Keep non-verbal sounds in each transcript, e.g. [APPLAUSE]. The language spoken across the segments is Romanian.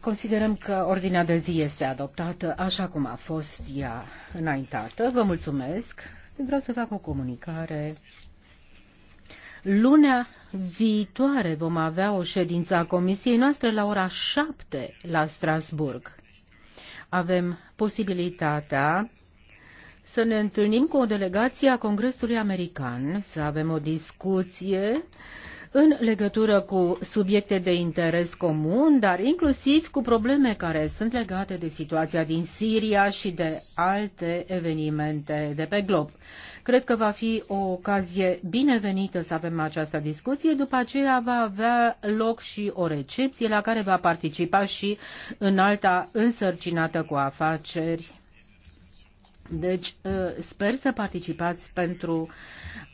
Considerăm că ordinea de zi este adoptată așa cum a fost ea înaintată. Vă mulțumesc. Vreau să fac o comunicare. Lunea viitoare vom avea o ședință a comisiei noastre la ora 7 la Strasburg. Avem posibilitatea să ne întâlnim cu o delegație a Congresului American, să avem o discuție în legătură cu subiecte de interes comun, dar inclusiv cu probleme care sunt legate de situația din Siria și de alte evenimente de pe glob. Cred că va fi o ocazie binevenită să avem această discuție. După aceea va avea loc și o recepție la care va participa și în alta însărcinată cu afaceri deci ă, sper să participați pentru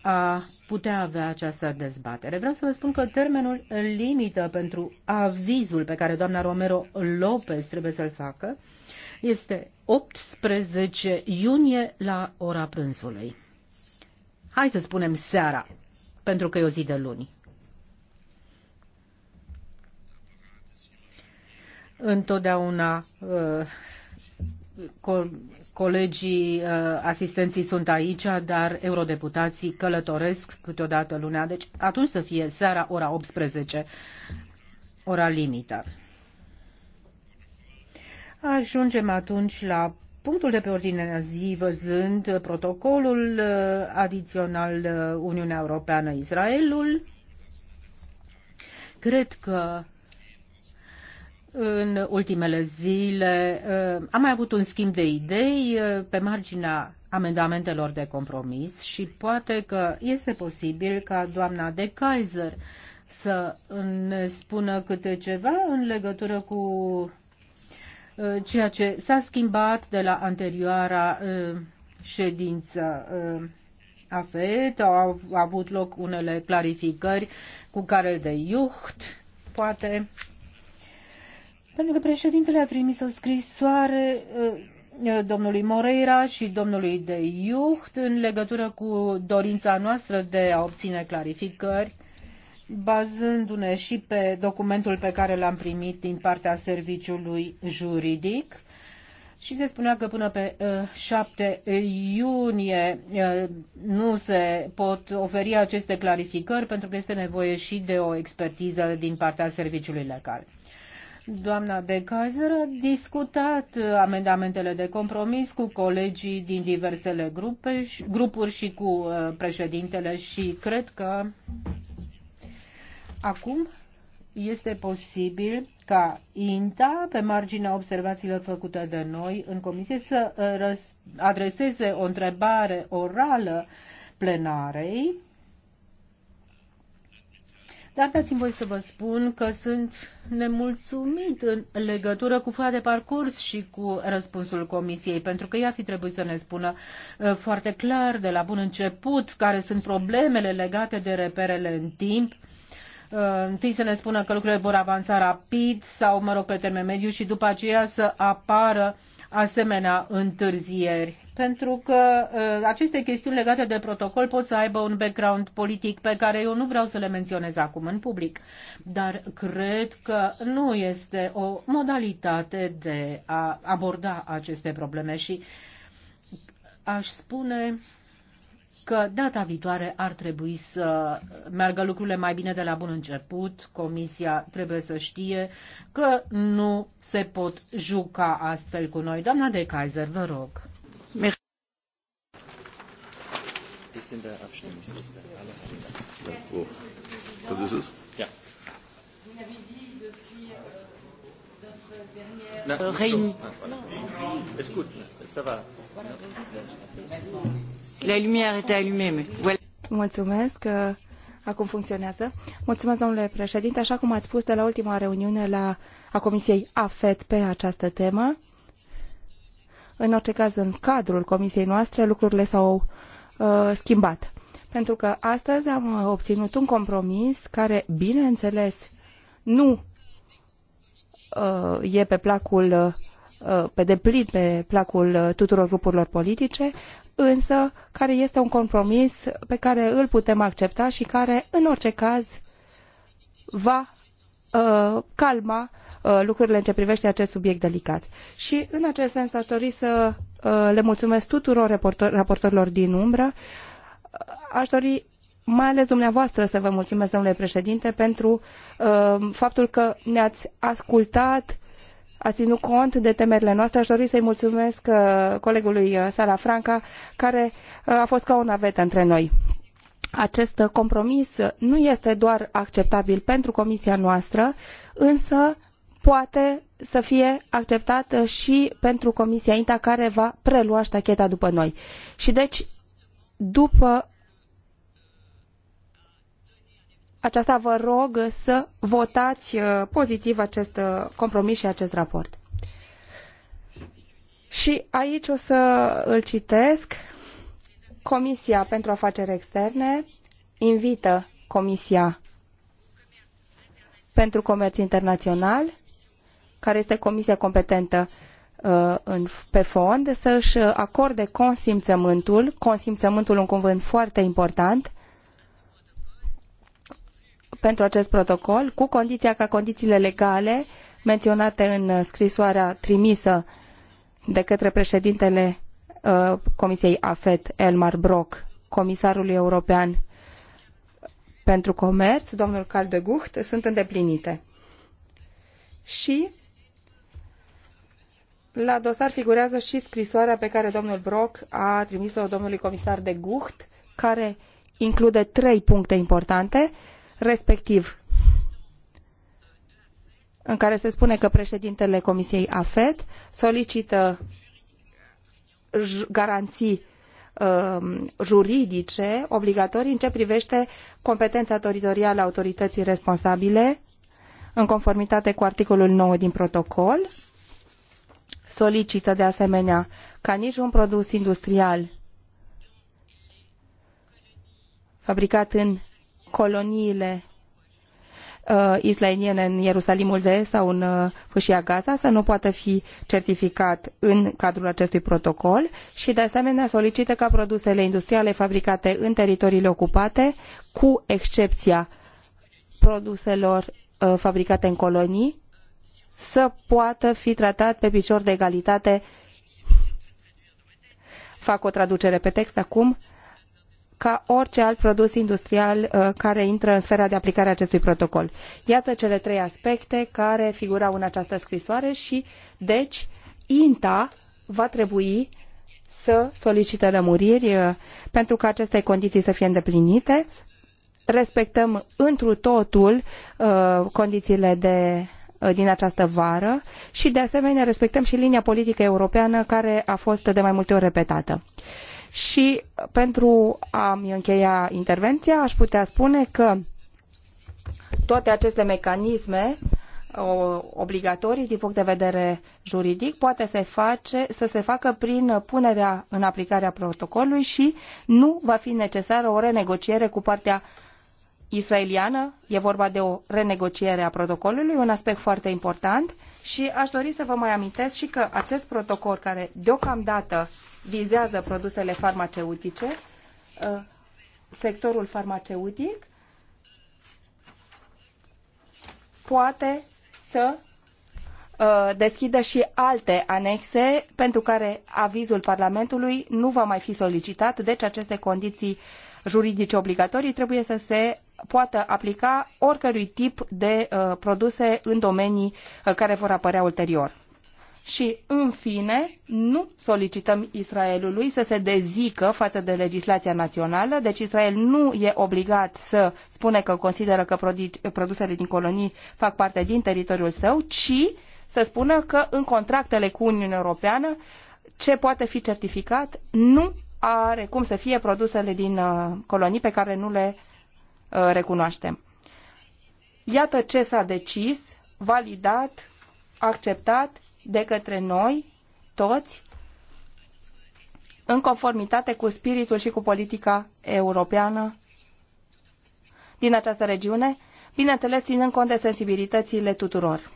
a putea avea această dezbatere. Vreau să vă spun că termenul limită pentru avizul pe care doamna Romero Lopez trebuie să-l facă este 18 iunie la ora prânzului. Hai să spunem seara, pentru că e o zi de luni. Întotdeauna uh, colegii uh, asistenții sunt aici, dar eurodeputații călătoresc câteodată lunea, deci atunci să fie seara ora 18, ora limită. Ajungem atunci la punctul de pe ordinea zi, văzând protocolul uh, adițional uh, Uniunea Europeană-Israelul. Cred că în ultimele zile uh, am mai avut un schimb de idei uh, pe marginea amendamentelor de compromis și poate că este posibil ca doamna de Kaiser să ne spună câte ceva în legătură cu uh, ceea ce s-a schimbat de la anterioara ședință AFET. Au avut loc unele clarificări cu care de Iucht, poate pentru că președintele a trimis o scrisoare uh, uh, domnului Moreira și domnului de Iucht în legătură cu dorința noastră de a obține clarificări, bazându-ne și pe documentul pe care l-am primit din partea serviciului juridic. Și se spunea că până pe 7 uh, iunie nu se pot oferi aceste clarificări pentru că este nevoie și de o expertiză din partea serviciului legal. Doamna de Kaiser a discutat amendamentele de compromis cu colegii din diversele grupe, grupuri și cu uh, președintele și cred că acum este posibil ca INTA, pe marginea observațiilor făcute de noi în comisie, să uh, adreseze o întrebare orală plenarei dar dați-mi voi să vă spun că sunt nemulțumit în legătură cu foaia de parcurs și cu răspunsul Comisiei, pentru că ea fi trebuit să ne spună uh, foarte clar de la bun început care sunt problemele legate de reperele în timp, uh, întâi să ne spună că lucrurile vor avansa rapid sau, mă rog, pe termen mediu și după aceea să apară uh, asemenea întârzieri, pentru că uh, aceste chestiuni legate de protocol pot să aibă un background politic pe care eu nu vreau să le menționez acum în public, dar cred că nu este o modalitate de a aborda aceste probleme și aș spune că data viitoare ar trebui să meargă lucrurile mai bine de la bun început. Comisia trebuie să știe că nu se pot juca astfel cu noi. Doamna de Kaiser, vă rog. Reine. est gut, ça va la lumière était allumée, mais... Voilà. Mulțumesc acum funcționează. Mulțumesc, domnule președinte. Așa cum ați spus de la ultima reuniune la, a Comisiei AFET pe această temă, în orice caz, în cadrul Comisiei noastre, lucrurile s-au uh, schimbat. Pentru că astăzi am uh, obținut un compromis care, bineînțeles, nu uh, e pe placul uh, Uh, pe deplin pe placul uh, tuturor grupurilor politice, însă care este un compromis pe care îl putem accepta și care, în orice caz, va uh, calma lucrurile în ce privește acest subiect delicat. Și, în acest sens, aș dori să le mulțumesc tuturor raportorilor din umbră. Aș dori mai ales dumneavoastră să vă mulțumesc, domnule președinte, pentru faptul că ne-ați ascultat a ținut cont de temerile noastre. Aș dori să-i mulțumesc uh, colegului uh, Sala Franca, care uh, a fost ca o navetă între noi. Acest compromis nu este doar acceptabil pentru comisia noastră, însă poate să fie acceptat și pentru Comisia INTA care va prelua ștacheta după noi. Și deci, după aceasta vă rog să votați uh, pozitiv acest uh, compromis și acest raport. Și aici o să îl citesc. Comisia pentru afaceri externe invită Comisia pentru comerț internațional, care este comisia competentă uh, pe fond, să-și acorde consimțământul, consimțământul un cuvânt foarte important, pentru acest protocol, cu condiția ca condițiile legale menționate în scrisoarea trimisă de către președintele uh, Comisiei AFET, Elmar Brok, comisarului european pentru comerț, domnul Carl de Gucht, sunt îndeplinite. Și la dosar figurează și scrisoarea pe care domnul Brok a trimis-o domnului comisar de Gucht, care include trei puncte importante respectiv în care se spune că președintele Comisiei AFET solicită garanții um, juridice obligatorii în ce privește competența teritorială a autorității responsabile în conformitate cu articolul 9 din protocol. Solicită de asemenea ca niciun produs industrial fabricat în coloniile uh, israeliene în Ierusalimul de Est sau în uh, Fâșia Gaza să nu poată fi certificat în cadrul acestui protocol și de asemenea solicită ca produsele industriale fabricate în teritoriile ocupate, cu excepția produselor uh, fabricate în colonii, să poată fi tratat pe picior de egalitate fac o traducere pe text acum ca orice alt produs industrial uh, care intră în sfera de aplicare a acestui protocol. Iată cele trei aspecte care figurau în această scrisoare și, deci, INTA va trebui să solicite lămuriri uh, pentru ca aceste condiții să fie îndeplinite. Respectăm întru totul uh, condițiile de din această vară și, de asemenea, respectăm și linia politică europeană care a fost de mai multe ori repetată. Uh, și pentru a-mi încheia intervenția, aș putea spune că toate aceste mecanisme obligatorii din punct de vedere juridic poate se face, să se facă prin punerea în aplicare a protocolului și nu va fi necesară o renegociere cu partea israeliană, e vorba de o renegociere a protocolului, un aspect foarte important și aș dori să vă mai amintesc și că acest protocol care deocamdată vizează produsele farmaceutice, uh, sectorul farmaceutic, poate să uh, deschidă și alte anexe pentru care avizul Parlamentului nu va mai fi solicitat, deci aceste condiții juridice obligatorii trebuie să se poată aplica oricărui tip de uh, produse în domenii uh, care vor apărea ulterior. Și, în fine, nu solicităm Israelului să se dezică față de legislația națională, deci Israel nu e obligat să spune că consideră că produsele din colonii fac parte din teritoriul său, ci să spună că în contractele cu Uniunea Europeană ce poate fi certificat nu are cum să fie produsele din uh, colonii pe care nu le Uh, recunoaștem. Iată ce s-a decis, validat, acceptat de către noi toți în conformitate cu spiritul și cu politica europeană din această regiune, bineînțeles ținând cont de sensibilitățile tuturor.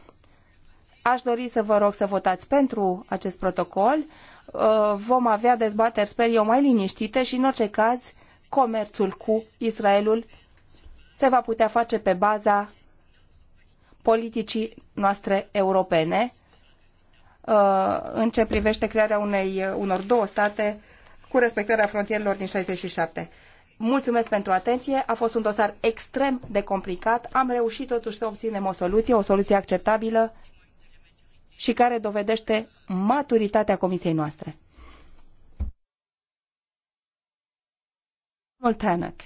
Aș dori să vă rog să votați pentru acest protocol. Uh, vom avea dezbateri, sper eu, mai liniștite și, în orice caz, comerțul cu Israelul se va putea face pe baza politicii noastre europene uh, în ce privește crearea unei, uh, unor două state cu respectarea frontierelor din 67. Mulțumesc pentru atenție, a fost un dosar extrem de complicat, am reușit totuși să obținem o soluție, o soluție acceptabilă și care dovedește maturitatea comisiei noastre. Moltanek.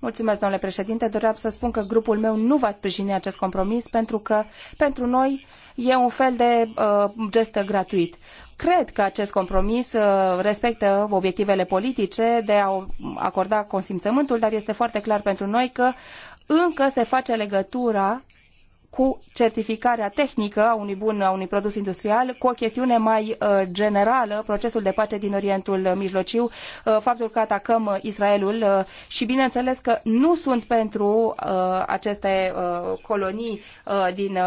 Mulțumesc, domnule președinte. Doream să spun că grupul meu nu va sprijini acest compromis pentru că pentru noi e un fel de uh, gest gratuit. Cred că acest compromis uh, respectă obiectivele politice de a acorda consimțământul, dar este foarte clar pentru noi că încă se face legătura cu certificarea tehnică a unui bun, a unui produs industrial, cu o chestiune mai uh, generală, procesul de pace din Orientul Mijlociu, uh, faptul că atacăm Israelul uh, și bineînțeles că nu sunt pentru aceste colonii din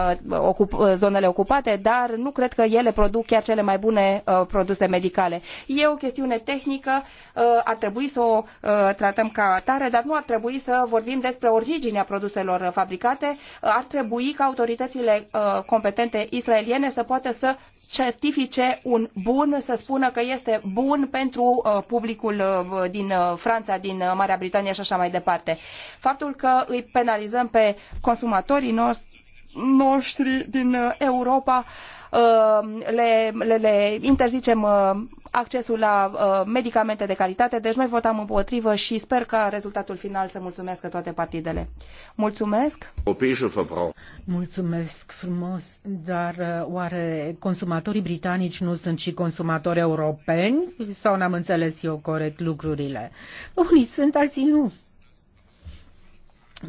zonele ocupate, dar nu cred că ele produc chiar cele mai bune produse medicale. E o chestiune tehnică, ar trebui să o tratăm ca atare, dar nu ar trebui să vorbim despre originea produselor fabricate, ar trebui ca autoritățile uh, competente israeliene să poată să certifice un bun, să spună că este bun pentru uh, publicul uh, din uh, Franța, din uh, Marea Britanie și așa mai departe. Faptul că îi penalizăm pe consumatorii noștri noștri din uh, Europa uh, le, le, le interzicem uh, accesul la medicamente de calitate, deci noi votam împotrivă și sper ca rezultatul final să mulțumească toate partidele. Mulțumesc! Mulțumesc frumos, dar oare consumatorii britanici nu sunt și consumatori europeni? Sau n-am înțeles eu corect lucrurile? Unii sunt, alții nu.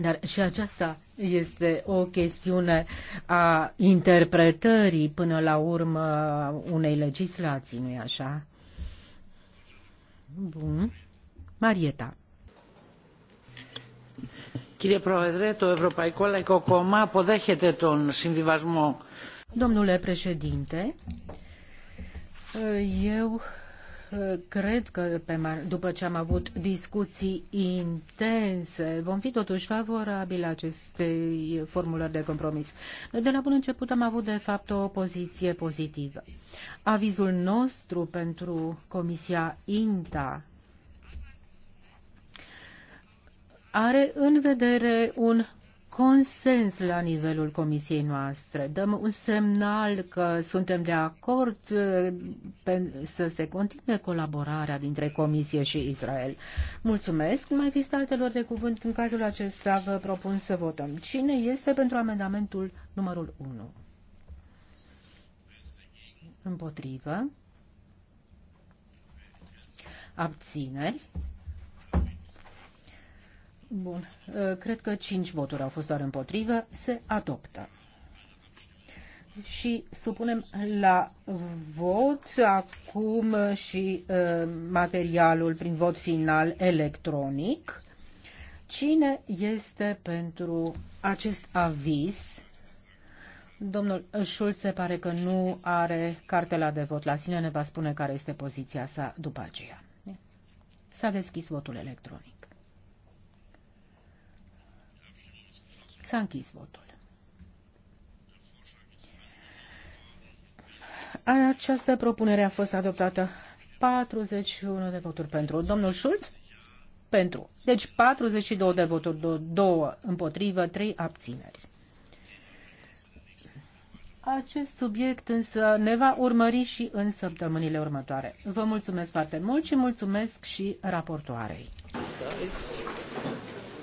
Dar și aceasta este o chestiune a interpretării până la urmă unei legislații, nu-i așa? Bun. Marieta. Κύριε Πρόεδρε, το Ευρωπαϊκό Λαϊκό Κόμμα αποδέχεται τον συμβιβασμό. Domnule președinte, eu cred că pe mar- după ce am avut discuții intense, vom fi totuși favorabili acestei formulări de compromis. De la bun început am avut, de fapt, o poziție pozitivă. Avizul nostru pentru Comisia INTA are în vedere un consens la nivelul comisiei noastre. Dăm un semnal că suntem de acord uh, pe, să se continue colaborarea dintre comisie și Israel. Mulțumesc. Mai există lor de cuvânt. În cazul acesta vă propun să votăm. Cine este pentru amendamentul numărul 1? Împotrivă. Abțineri. Bun. Uh, cred că cinci voturi au fost doar împotrivă. Se adoptă. Și supunem la vot acum și uh, materialul prin vot final electronic. Cine este pentru acest aviz? Domnul Schulz se pare că nu are cartela de vot la sine, ne va spune care este poziția sa după aceea. S-a deschis votul electronic. S-a închis votul. Această propunere a fost adoptată 41 de voturi pentru. Domnul Schulz? Pentru. Deci 42 de voturi, 2 împotrivă, 3 abțineri. Acest subiect însă ne va urmări și în săptămânile următoare. Vă mulțumesc foarte mult și mulțumesc și raportoarei.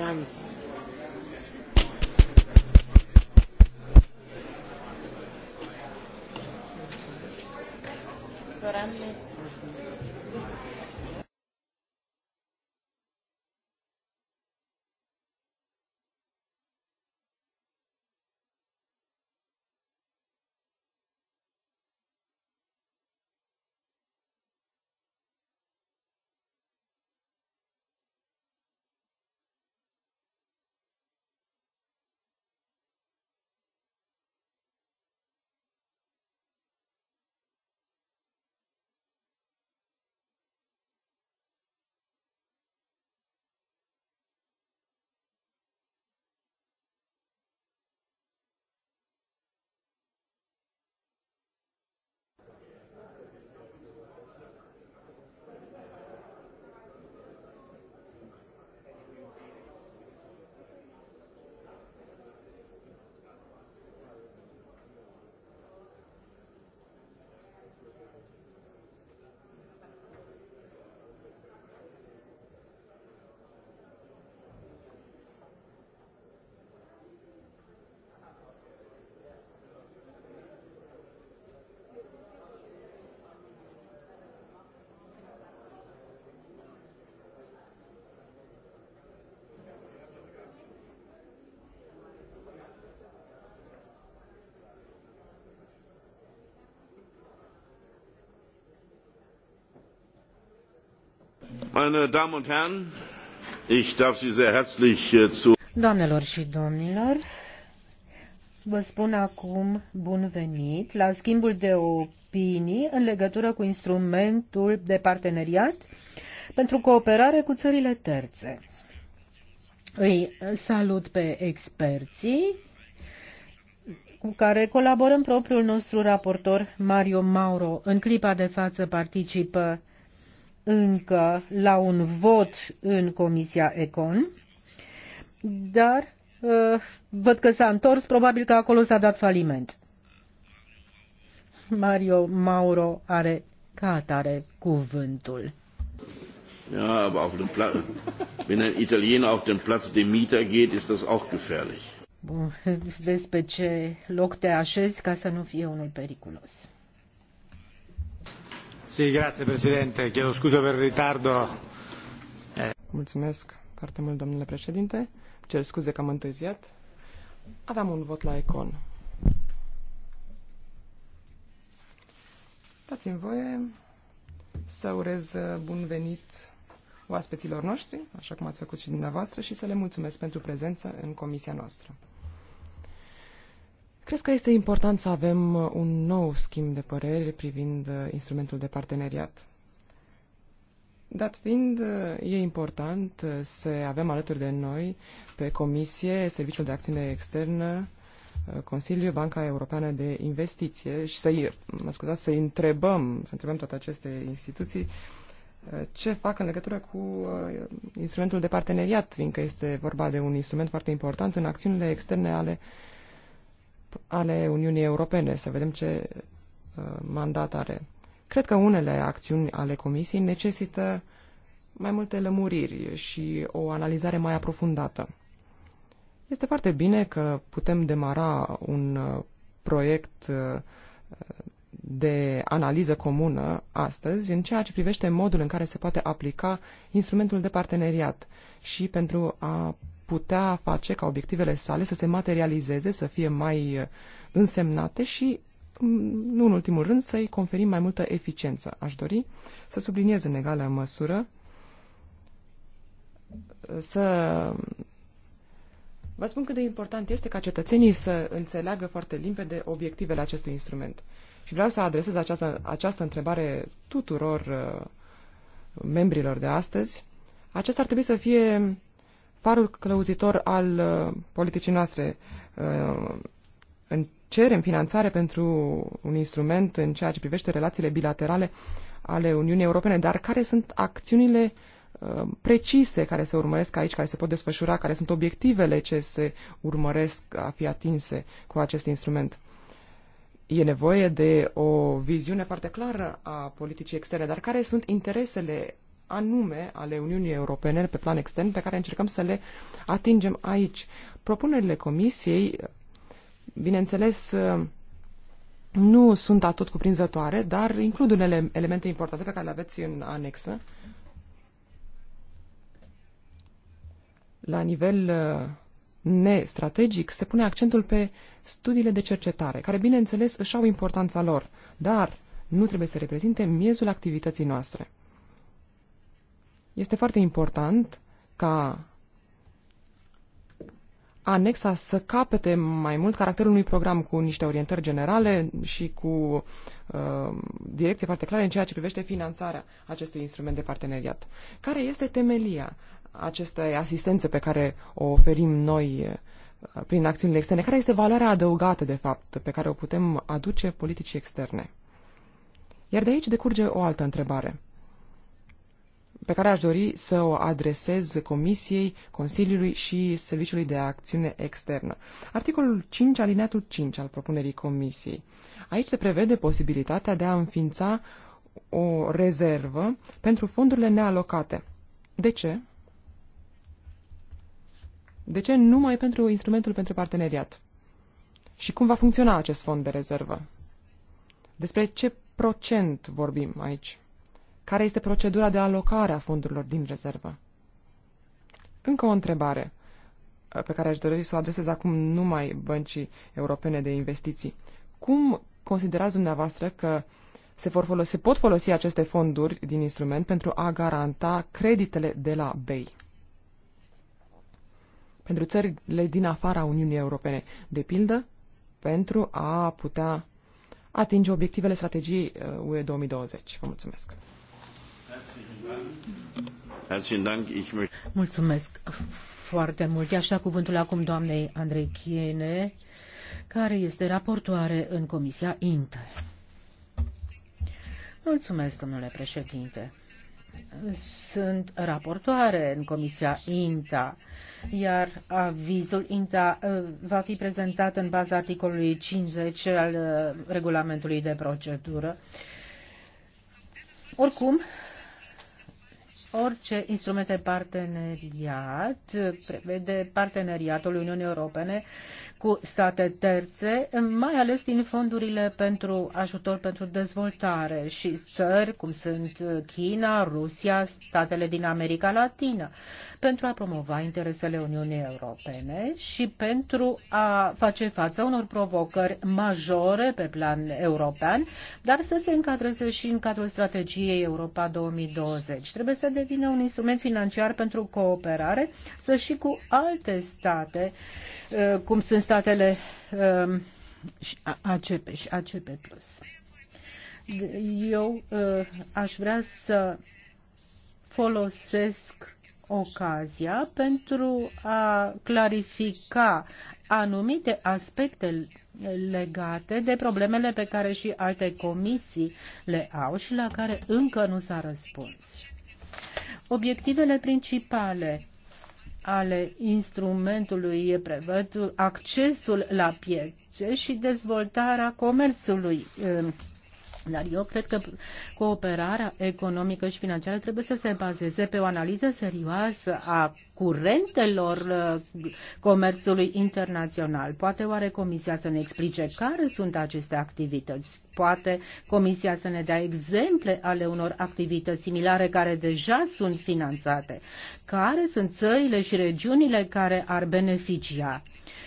time. Meine Damen und Herren, ich darf Sie sehr herzlich äh, zu Doamnelor și domnilor, vă spun acum bun venit la schimbul de opinii în legătură cu instrumentul de parteneriat pentru cooperare cu țările terțe. Îi salut pe experții cu care colaborăm propriul nostru raportor Mario Mauro. În clipa de față participă încă la un vot în Comisia Econ, dar uh, văd că s-a întors, probabil că acolo s-a dat faliment. Mario Mauro are ca atare cuvântul. Ja, aber auf dem Platz, wenn ein Italiener auf den Platz dem Mieter geht, ist das auch gefährlich. Bun, [LAUGHS] vezi pe ce loc te așezi ca să nu fie unul periculos. Sì, grazie Presidente. Chiedo scuza per ritardo. Eh. Mulțumesc foarte mult, domnule președinte. Cer scuze că am întârziat. Aveam un vot la Econ. Dați-mi voie să urez bun venit oaspeților noștri, așa cum ați făcut și dumneavoastră, și să le mulțumesc pentru prezență în comisia noastră. Crezi că este important să avem uh, un nou schimb de păreri privind uh, instrumentul de parteneriat. Dat fiind, uh, e important să avem alături de noi pe Comisie, Serviciul de Acțiune Externă, Consiliul, Banca Europeană de Investiție și să-i, mă scuzați, să întrebăm, să întrebăm toate aceste instituții ce fac în legătură cu instrumentul de parteneriat, fiindcă este vorba de un instrument foarte important în acțiunile externe ale ale Uniunii Europene, să vedem ce uh, mandat are. Cred că unele acțiuni ale Comisiei necesită mai multe lămuriri și o analizare mai aprofundată. Este foarte bine că putem demara un uh, proiect uh, de analiză comună astăzi în ceea ce privește modul în care se poate aplica instrumentul de parteneriat și pentru a putea face ca obiectivele sale să se materializeze, să fie mai uh, însemnate și, mm, nu în ultimul rând, să-i conferim mai multă eficiență. Aș dori să subliniez în egală măsură să Vă spun cât de important este ca cetățenii să înțeleagă foarte limpede obiectivele acestui instrument. Și vreau să adresez această, această întrebare tuturor uh, membrilor de astăzi. Acesta ar trebui să fie parul clăuzitor al uh, politicii noastre. Uh, Cerem finanțare pentru un instrument în ceea ce privește relațiile bilaterale ale Uniunii Europene, dar care sunt acțiunile uh, precise care se urmăresc aici, care se pot desfășura, care sunt obiectivele ce se urmăresc a fi atinse cu acest instrument. E nevoie de o viziune foarte clară a politicii externe, dar care sunt interesele anume ale Uniunii Europene pe plan extern pe care încercăm să le atingem aici. Propunerile Comisiei, bineînțeles, nu sunt atât cuprinzătoare, dar includ unele elemente importante pe care le aveți în anexă. La nivel uh, nestrategic se pune accentul pe studiile de cercetare, care, bineînțeles, își au importanța lor, dar nu trebuie să reprezinte miezul activității noastre. Este foarte important ca anexa să capete mai mult caracterul unui program cu niște orientări generale și cu uh, direcție foarte clare în ceea ce privește finanțarea acestui instrument de parteneriat. Care este temelia acestei asistențe pe care o oferim noi uh, prin acțiunile externe? Care este valoarea adăugată, de fapt, pe care o putem aduce politicii externe? Iar de aici decurge o altă întrebare pe care aș dori să o adresez Comisiei, Consiliului și Serviciului de Acțiune Externă. Articolul 5, alineatul 5 al propunerii Comisiei. Aici se prevede posibilitatea de a înființa o rezervă pentru fondurile nealocate. De ce? De ce numai pentru instrumentul pentru parteneriat? Și cum va funcționa acest fond de rezervă? Despre ce procent vorbim aici? Care este procedura de alocare a fondurilor din rezervă? Încă o întrebare uh, pe care aș dori să o adresez acum numai băncii europene de investiții. Cum considerați dumneavoastră că se, vor folosi, se pot folosi aceste fonduri din instrument pentru a garanta creditele de la BEI? Pentru țările din afara Uniunii Europene, de pildă, pentru a putea atinge obiectivele strategiei uh, UE 2020. Vă mulțumesc! Mulțumesc foarte mult. Așa da cuvântul acum doamnei Andrei Chiene, care este raportoare în Comisia Inter. Mulțumesc, domnule președinte. Sunt raportoare în Comisia INTA, iar avizul INTA uh, va fi prezentat în baza articolului 50 al uh, regulamentului de procedură. Oricum, orice instrument de parteneriat prevede parteneriatul Uniunii Europene cu state terțe, mai ales din fondurile pentru ajutor pentru dezvoltare și țări cum sunt China, Rusia, statele din America Latină pentru a promova interesele Uniunii Europene și pentru a face față unor provocări majore pe plan european, dar să se încadreze și în cadrul strategiei Europa 2020. Trebuie să devină un instrument financiar pentru cooperare, să și cu alte state, eh, cum sunt statele ACP eh, și ACP+. Eu eh, aș vrea să folosesc ocazia pentru a clarifica anumite aspecte legate de problemele pe care și alte comisii le au și la care încă nu s-a răspuns. Obiectivele principale ale instrumentului prevăzut accesul la piețe și dezvoltarea comerțului dar eu cred că cooperarea economică și financiară trebuie să se bazeze pe o analiză serioasă a curentelor uh, comerțului internațional. Poate oare Comisia să ne explice care sunt aceste activități? Poate Comisia să ne dea exemple ale unor activități similare care deja sunt finanțate? Care sunt țările și regiunile care ar beneficia?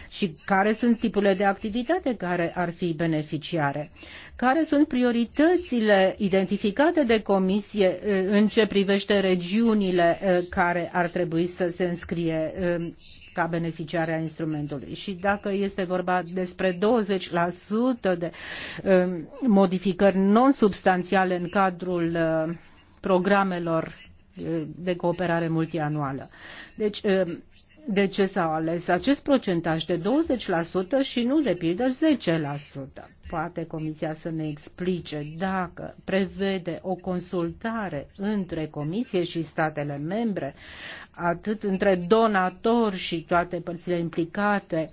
și care sunt tipurile de activitate care ar fi beneficiare, care sunt prioritățile identificate de comisie uh, în ce privește regiunile uh, care ar trebui să se se înscrie um, ca beneficiare a instrumentului. Și dacă este vorba despre 20% de um, modificări non-substanțiale în cadrul uh, programelor uh, de cooperare multianuală. Deci um, de ce s au ales acest procentaj de 20% și nu de pildă 10%. Poate Comisia să ne explice dacă prevede o consultare între Comisie și statele membre, atât între donatori și toate părțile implicate,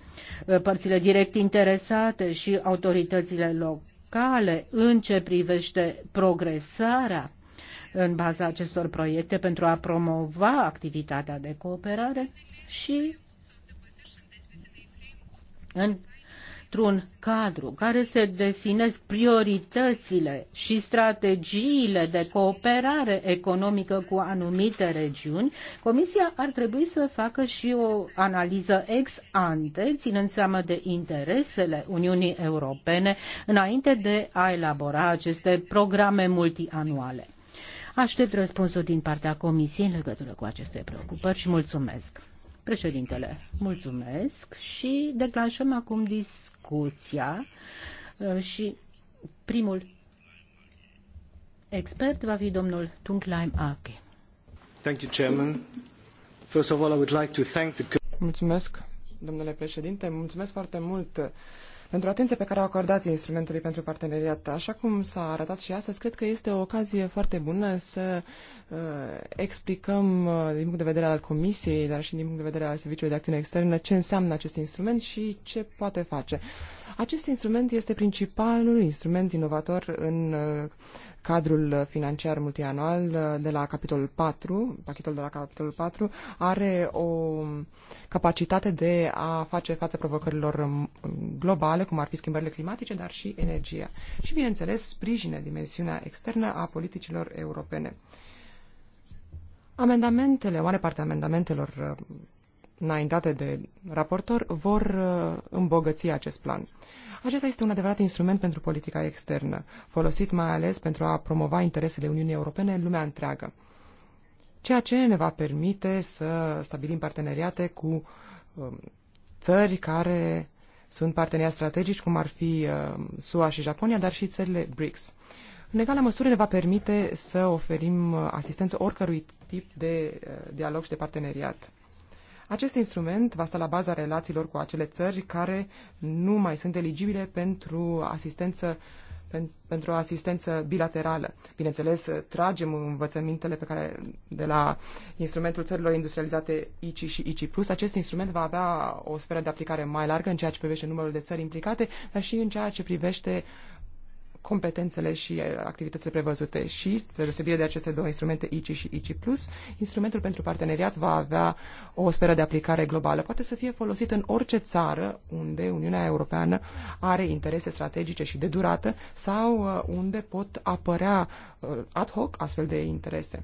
părțile direct interesate și autoritățile locale în ce privește progresarea în baza acestor proiecte pentru a promova activitatea de cooperare și în într-un cadru care se definesc prioritățile și strategiile de cooperare economică cu anumite regiuni, Comisia ar trebui să facă și o analiză ex ante, ținând seama de interesele Uniunii Europene, înainte de a elabora aceste programe multianuale. Aștept răspunsul din partea Comisiei în legătură cu aceste preocupări și mulțumesc. Președintele, mulțumesc și declanșăm acum discuția uh, și primul expert va fi domnul Tunklaim Ake. Thank you, Chairman. First of all, I would like to thank the... Mulțumesc, domnule președinte, mulțumesc foarte mult pentru atenția pe care o acordați instrumentului pentru parteneriat. Așa cum s-a arătat și astăzi, cred că este o ocazie foarte bună să uh, explicăm uh, din punct de vedere al Comisiei, dar și din punct de vedere al Serviciului de Acțiune Externă, ce înseamnă acest instrument și ce poate face. Acest instrument este principalul instrument inovator în uh, cadrul financiar multianual uh, de la capitolul 4, pachetul de la capitolul 4, are o capacitate de a face față provocărilor um, globale, cum ar fi schimbările climatice, dar și energia. Și, bineînțeles, sprijine dimensiunea externă a politicilor europene. Amendamentele, o mare parte a amendamentelor uh, înaintate de raportor vor uh, îmbogăți acest plan. Acesta este un adevărat instrument pentru politica externă, folosit mai ales pentru a promova interesele Uniunii Europene în lumea întreagă, ceea ce ne va permite să stabilim parteneriate cu um, țări care sunt parteneri strategici, cum ar fi um, SUA și Japonia, dar și țările BRICS. În egală măsură ne va permite să oferim uh, asistență oricărui tip de uh, dialog și de parteneriat. Acest instrument va sta la baza relațiilor cu acele țări care nu mai sunt eligibile pentru asistență pentru asistență bilaterală. Bineînțeles, tragem învățămintele pe care de la instrumentul țărilor industrializate ICI și ICI+. Plus. Acest instrument va avea o sferă de aplicare mai largă în ceea ce privește numărul de țări implicate, dar și în ceea ce privește uh, competențele și uh, activitățile prevăzute și, pe deosebire de aceste două instrumente, ICI și ICI+, instrumentul pentru parteneriat va avea o sferă de aplicare globală. Poate să fie folosit în orice țară unde Uniunea Europeană are interese strategice și de durată sau uh, unde pot apărea uh, ad hoc astfel de interese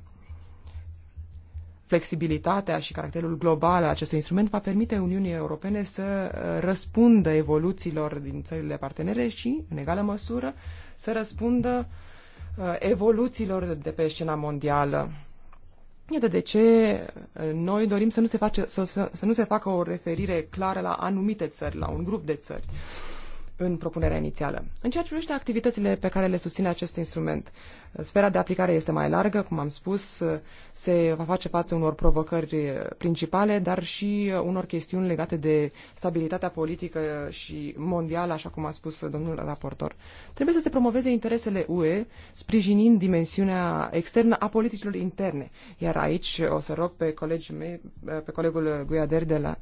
flexibilitatea și caracterul global al acestui instrument va permite Uniunii Europene să răspundă evoluțiilor din țările partenere și, în egală măsură, să răspundă uh, evoluțiilor de pe scena mondială. Iată de ce uh, noi dorim să nu, se face, să, să, să nu se facă o referire clară la anumite țări, la un grup de țări. Uh, în propunerea inițială. În ceea ce privește activitățile pe care le susține acest instrument, sfera de aplicare este mai largă, cum am spus, se va face față unor provocări principale, dar și unor chestiuni legate de stabilitatea politică și mondială, așa cum a spus domnul raportor. Trebuie să se promoveze interesele UE, sprijinind dimensiunea externă a politicilor interne. Iar aici o să rog pe, colegii mei, pe colegul Guiader de la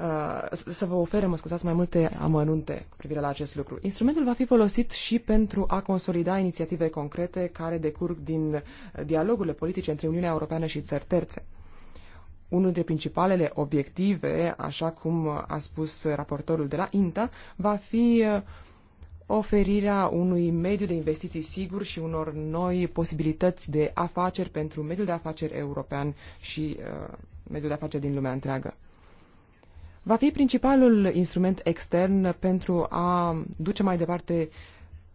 Uh, să vă ofere, mă scuzați, mai multe amănunte cu privire la acest lucru. Instrumentul va fi folosit și pentru a consolida inițiative concrete care decurg din dialogurile politice între Uniunea Europeană și țări terțe. Unul dintre principalele obiective, așa cum a spus raportorul de la INTA, va fi uh, oferirea unui mediu de investiții sigur și unor noi posibilități de afaceri pentru mediul de afaceri european și uh, mediul de afaceri din lumea întreagă va fi principalul instrument extern pentru a duce mai departe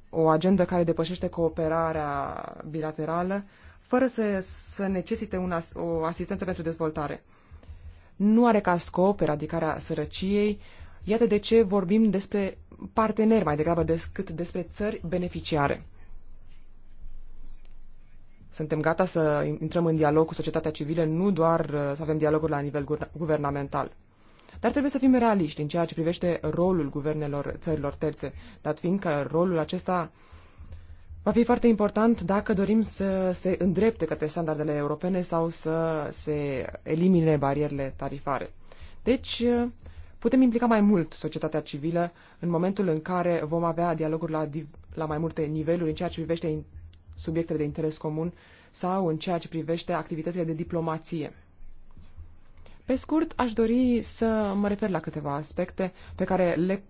o agendă care depășește cooperarea bilaterală, fără să, să necesite una, o asistență pentru dezvoltare. Nu are ca scop eradicarea sărăciei, iată de ce vorbim despre parteneri mai degrabă decât despre țări beneficiare. Suntem gata să intrăm în dialog cu societatea civilă, nu doar uh, să avem dialoguri la nivel guvernamental. Dar trebuie să fim realiști în ceea ce privește rolul guvernelor țărilor terțe, dat fiind că rolul acesta va fi foarte important dacă dorim să se îndrepte către standardele europene sau să se elimine barierele tarifare. Deci, putem implica mai mult societatea civilă în momentul în care vom avea dialoguri la, la mai multe niveluri în ceea ce privește subiectele de interes comun sau în ceea ce privește activitățile de diplomație. Pe scurt, aș dori să mă refer la câteva aspecte pe care le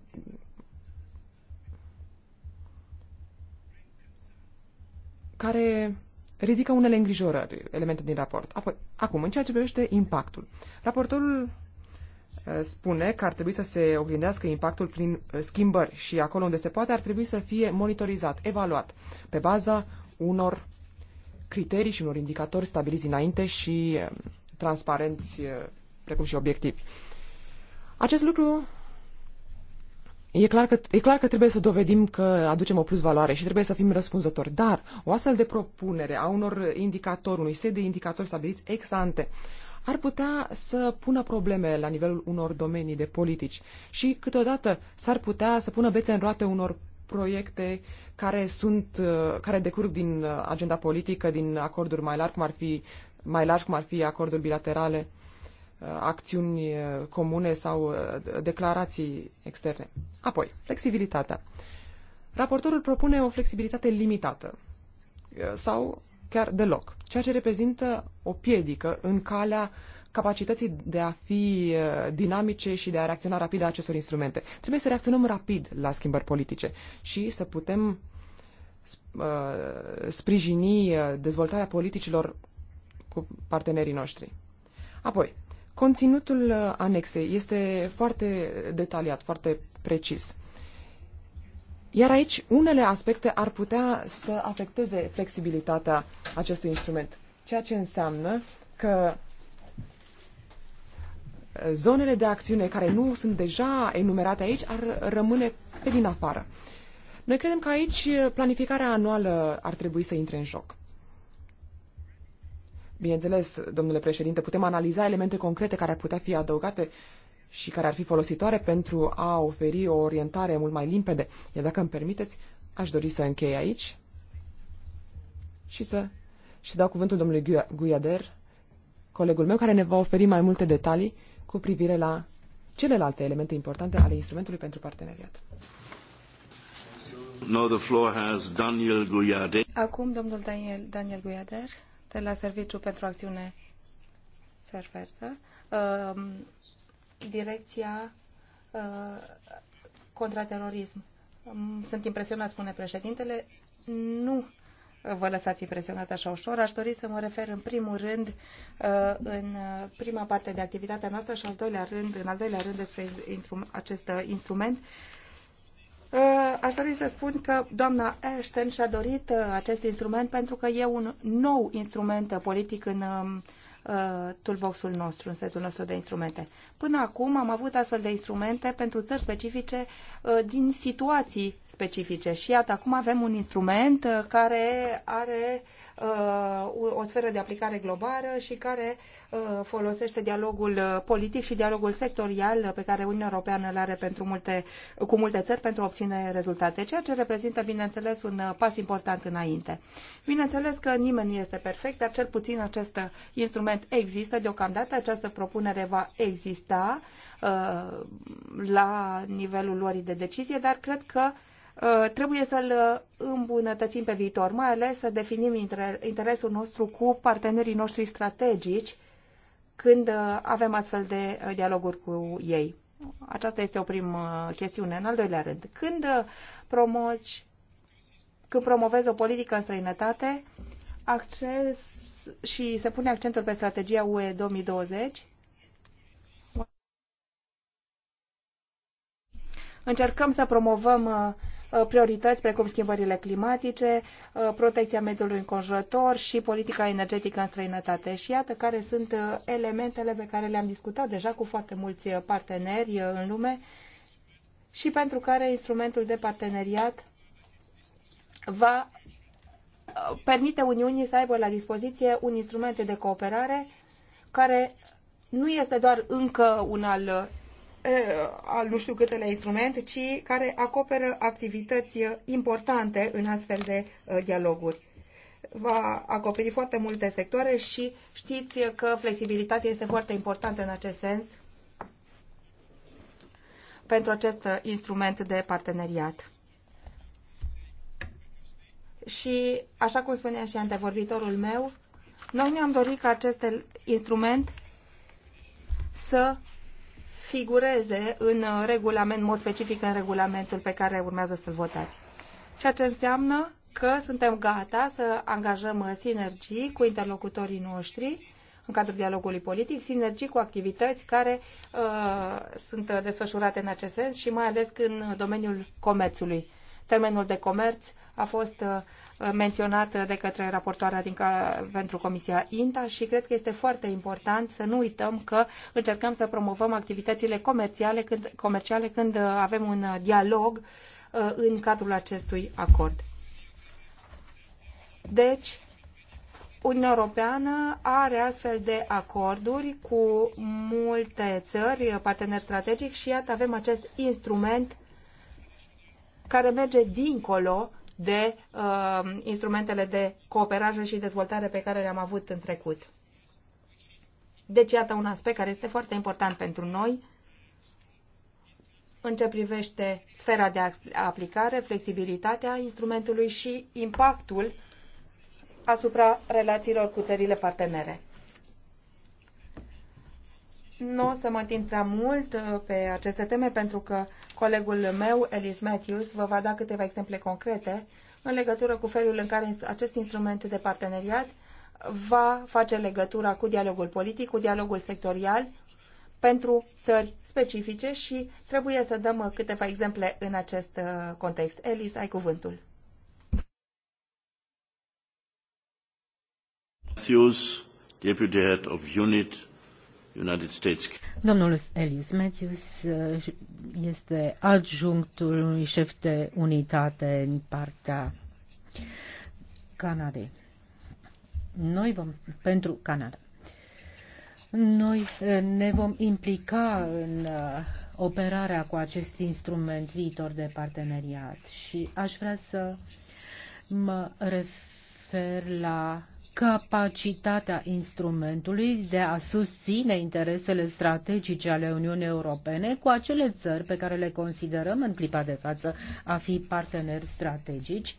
care ridică unele îngrijorări, elemente din raport. Apoi, acum, în ceea ce privește impactul. Raportorul eh, spune că ar trebui să se oglindească impactul prin eh, schimbări și acolo unde se poate ar trebui să fie monitorizat, evaluat, pe baza unor criterii și unor indicatori stabiliți înainte și eh, transparenți precum și obiectivi. Acest lucru E clar, că, e clar că trebuie să dovedim că aducem o plus valoare și trebuie să fim răspunzători, dar o astfel de propunere a unor indicatori, unui set de indicatori stabiliți ex ante, ar putea să pună probleme la nivelul unor domenii de politici și câteodată s-ar putea să pună bețe în roate unor proiecte care, sunt, care decurg din agenda politică, din acorduri mai largi, cum ar fi, mai largi, cum ar fi acorduri bilaterale acțiuni eh, comune sau eh, declarații externe. Apoi, flexibilitatea. Raportorul propune o flexibilitate limitată eh, sau chiar deloc, ceea ce reprezintă o piedică în calea capacității de a fi dinamice și de a reacționa rapid a acestor instrumente. Trebuie să reacționăm rapid la schimbări politice și să putem sprijini dezvoltarea politicilor cu partenerii noștri. Apoi, Conținutul uh, anexei este foarte detaliat, foarte precis. Iar aici, unele aspecte ar putea să afecteze flexibilitatea acestui instrument, ceea ce înseamnă că zonele de acțiune care nu sunt deja enumerate aici ar rămâne pe din afară. Noi credem că aici uh, planificarea anuală ar trebui să intre în joc. Bineînțeles, domnule președinte, putem analiza elemente concrete care ar putea fi adăugate și care ar fi folositoare pentru a oferi o orientare mult mai limpede. Iar dacă îmi permiteți, aș dori să închei aici și să și dau cuvântul domnului Guiader, colegul meu, care ne va oferi mai multe detalii cu privire la celelalte elemente importante ale instrumentului pentru parteneriat. Now the floor has Daniel Acum domnul Daniel, Daniel Guiader de la Serviciu pentru Acțiune Serversă, uh, Direcția uh, Contraterorism. Um, sunt impresionat, spune președintele, nu vă lăsați impresionat așa ușor. Aș dori să mă refer în primul rând uh, în prima parte de activitatea noastră și al doilea rând, în al doilea rând despre acest instrument Aș dori să spun că doamna Ashton și-a dorit uh, acest instrument pentru că e un nou instrument politic în um, uh, toolbox-ul nostru, în setul nostru de instrumente. Până acum am avut astfel de instrumente pentru țări specifice uh, din situații specifice și iată, acum avem un instrument care are o sferă de aplicare globală și care Uh, folosește dialogul uh, politic și dialogul sectorial uh, pe care Uniunea Europeană îl are pentru multe, cu multe țări pentru a obține rezultate, ceea ce reprezintă, bineînțeles, un pas important înainte. Bineînțeles că nimeni nu este perfect, dar cel puțin acest instrument există deocamdată, această propunere va exista la nivelul luării de decizie, dar cred că trebuie să-l îmbunătățim pe viitor, mai ales să definim interesul nostru cu partenerii noștri strategici când uh, avem astfel de uh, dialoguri cu ei. Aceasta este o primă uh, chestiune. În al doilea rând, când promoci, când promovezi o politică în străinătate, acces și se pune accentul pe strategia UE 2020, Încercăm să promovăm uh, uh, priorități precum schimbările climatice, uh, protecția mediului înconjurător și politica energetică în străinătate. Și iată care sunt elementele pe care le-am discutat deja cu foarte mulți parteneri în lume și pentru care instrumentul de parteneriat va permite Uniunii să aibă la dispoziție un instrument de cooperare care nu este doar încă un al al nu știu câtelea instrument, ci care acoperă activități importante în astfel de dialoguri. Va acoperi foarte multe sectoare și știți că flexibilitatea este foarte importantă în acest sens pentru acest instrument de parteneriat. Și, așa cum spunea și antevorbitorul meu, noi ne-am dorit ca acest instrument să figureze în uh, regulament, în mod specific în regulamentul pe care urmează să-l votați. Ceea ce înseamnă că suntem gata să angajăm uh, sinergii cu interlocutorii noștri în cadrul dialogului politic, sinergii cu activități care uh, sunt uh, desfășurate în acest sens și mai ales în domeniul comerțului. Termenul de comerț a fost uh, menționat de către raportoarea din, pentru Comisia INTA și cred că este foarte important să nu uităm că încercăm să promovăm activitățile comerciale când, comerciale când avem un dialog uh, în cadrul acestui acord. Deci, Uniunea Europeană are astfel de acorduri cu multe țări, uh, parteneri strategic și iată avem acest instrument care merge dincolo de uh, instrumentele de cooperare și dezvoltare pe care le-am avut în trecut. Deci, iată un aspect care este foarte important pentru noi în ce privește sfera de aplicare, flexibilitatea instrumentului și impactul asupra relațiilor cu țările partenere. Nu o să mă întind prea mult uh, pe aceste teme pentru că colegul meu, Elis Matthews, vă va da câteva exemple concrete în legătură cu felul în care acest instrument de parteneriat va face legătura cu dialogul politic, cu dialogul sectorial pentru țări specifice și trebuie să dăm uh, câteva exemple în acest uh, context. Elis, ai cuvântul. Matthews, Deputy Head of Unit Domnul Elias Matthews uh, este adjunctul unui șef de unitate în partea Canadei. Noi vom, pentru Canada. Noi uh, ne vom implica în uh, operarea cu acest instrument viitor de parteneriat și aș vrea să mă refer la capacitatea instrumentului de a susține interesele strategice ale Uniunii Europene cu acele țări pe care le considerăm în clipa de față a fi parteneri strategici,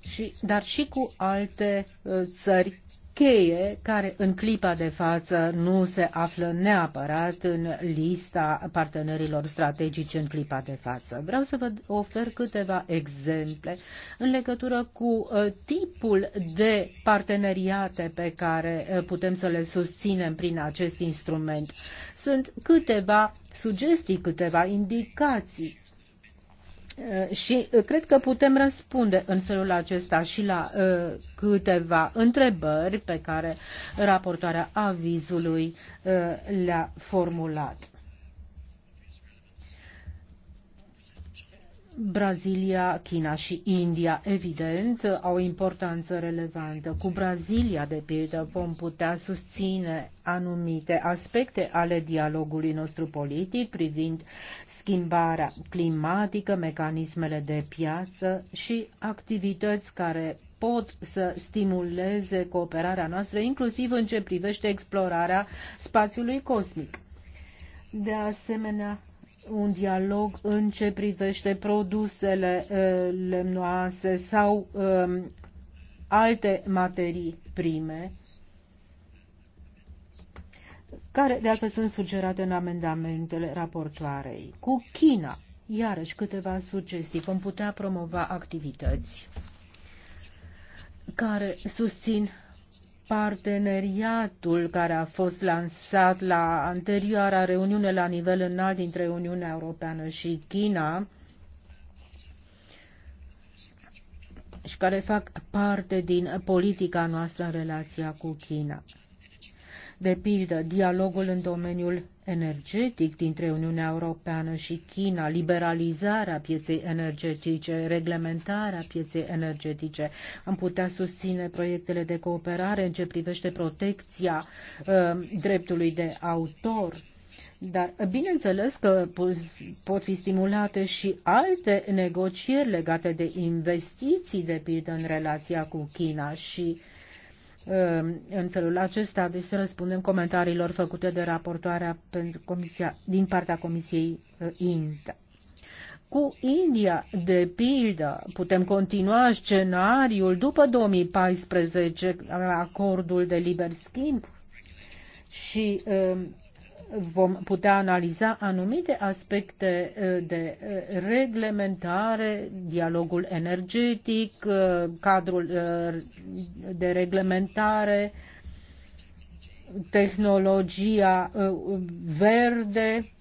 și, dar și cu alte uh, țări cheie care în clipa de față nu se află neapărat în lista partenerilor strategici în clipa de față. Vreau să vă ofer câteva exemple în legătură cu uh, tipul de parteneriate pe care uh, putem să le susținem prin acest instrument. Sunt câteva sugestii, câteva indicații Uh, și uh, cred că putem răspunde în felul acesta și la uh, câteva întrebări pe care raportoarea avizului uh, le-a formulat. Brazilia, China și India, evident, au importanță relevantă. Cu Brazilia, de pildă, vom putea susține anumite aspecte ale dialogului nostru politic privind schimbarea climatică, mecanismele de piață și activități care pot să stimuleze cooperarea noastră, inclusiv în ce privește explorarea spațiului cosmic. De asemenea, un dialog în ce privește produsele lemnoase sau alte materii prime, care de altfel sunt sugerate în amendamentele raportoarei. Cu China, iarăși câteva sugestii, vom putea promova activități care susțin parteneriatul care a fost lansat la anterioara reuniune la nivel înalt dintre Uniunea Europeană și China și care fac parte din politica noastră în relația cu China de pildă dialogul în domeniul energetic dintre Uniunea Europeană și China, liberalizarea pieței energetice, reglementarea pieței energetice. Am putea susține proiectele de cooperare în ce privește protecția uh, dreptului de autor. Dar bineînțeles că pot fi stimulate și alte negocieri legate de investiții, de pildă, în relația cu China și uh, Ehm, în felul acesta, deci să răspundem comentariilor făcute de raportoarea pentru comisia, din partea Comisiei eh, INTA. Cu India, de pildă, putem continua scenariul după 2014, acordul de liber schimb și ehm, vom putea analiza anumite aspecte eh, de eh, reglementare, dialogul energetic, eh, cadrul de reglementare, tehnologia verde.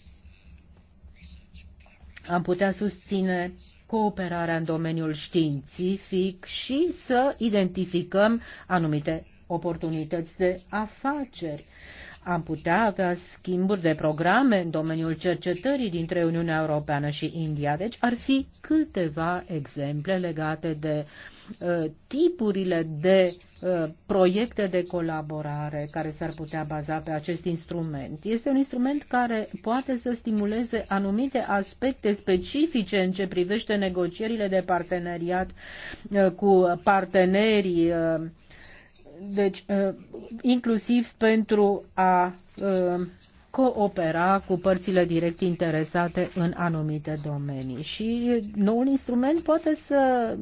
Am putea susține cooperarea în domeniul științific și să identificăm anumite oportunități de afaceri am putea avea schimburi de programe în domeniul cercetării dintre Uniunea Europeană și India. Deci ar fi câteva exemple legate de uh, tipurile de uh, proiecte de colaborare care s-ar putea baza pe acest instrument. Este un instrument care poate să stimuleze anumite aspecte specifice în ce privește negocierile de parteneriat uh, cu partenerii uh, deci, uh, inclusiv pentru a uh, coopera cu părțile direct interesate în anumite domenii. Și noul instrument poate să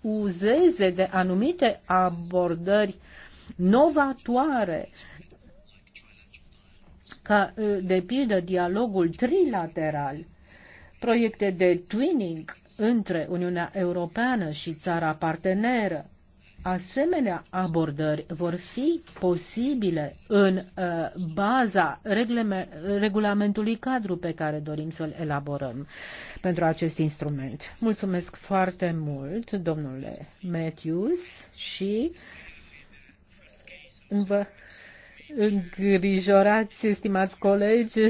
uzeze de anumite abordări novatoare ca uh, de pildă dialogul trilateral, proiecte de twinning între Uniunea Europeană și țara parteneră, asemenea abordări vor fi posibile în uh, baza regleme, regulamentului cadru pe care dorim să-l elaborăm pentru acest instrument. Mulțumesc foarte mult, domnule Matthews, și vă îngrijorați, stimați colegi.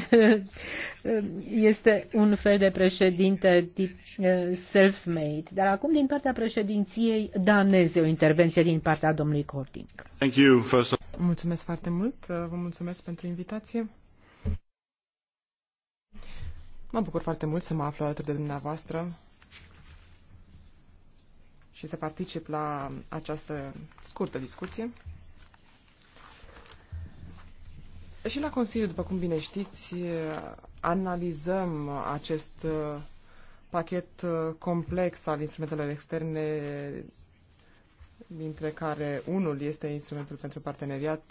Este un fel de președinte tip eh, self-made. Dar acum, din partea președinției daneze, o intervenție din partea domnului Corting. Thank you, first Mulțumesc foarte mult. Eh, vă mulțumesc pentru invitație. Mă bucur foarte mult să mă aflu alături de dumneavoastră și să particip la această scurtă discuție. Și la Consiliu, după cum bine știți, analizăm acest uh, pachet uh, complex al instrumentelor externe, dintre care unul este instrumentul pentru parteneriat,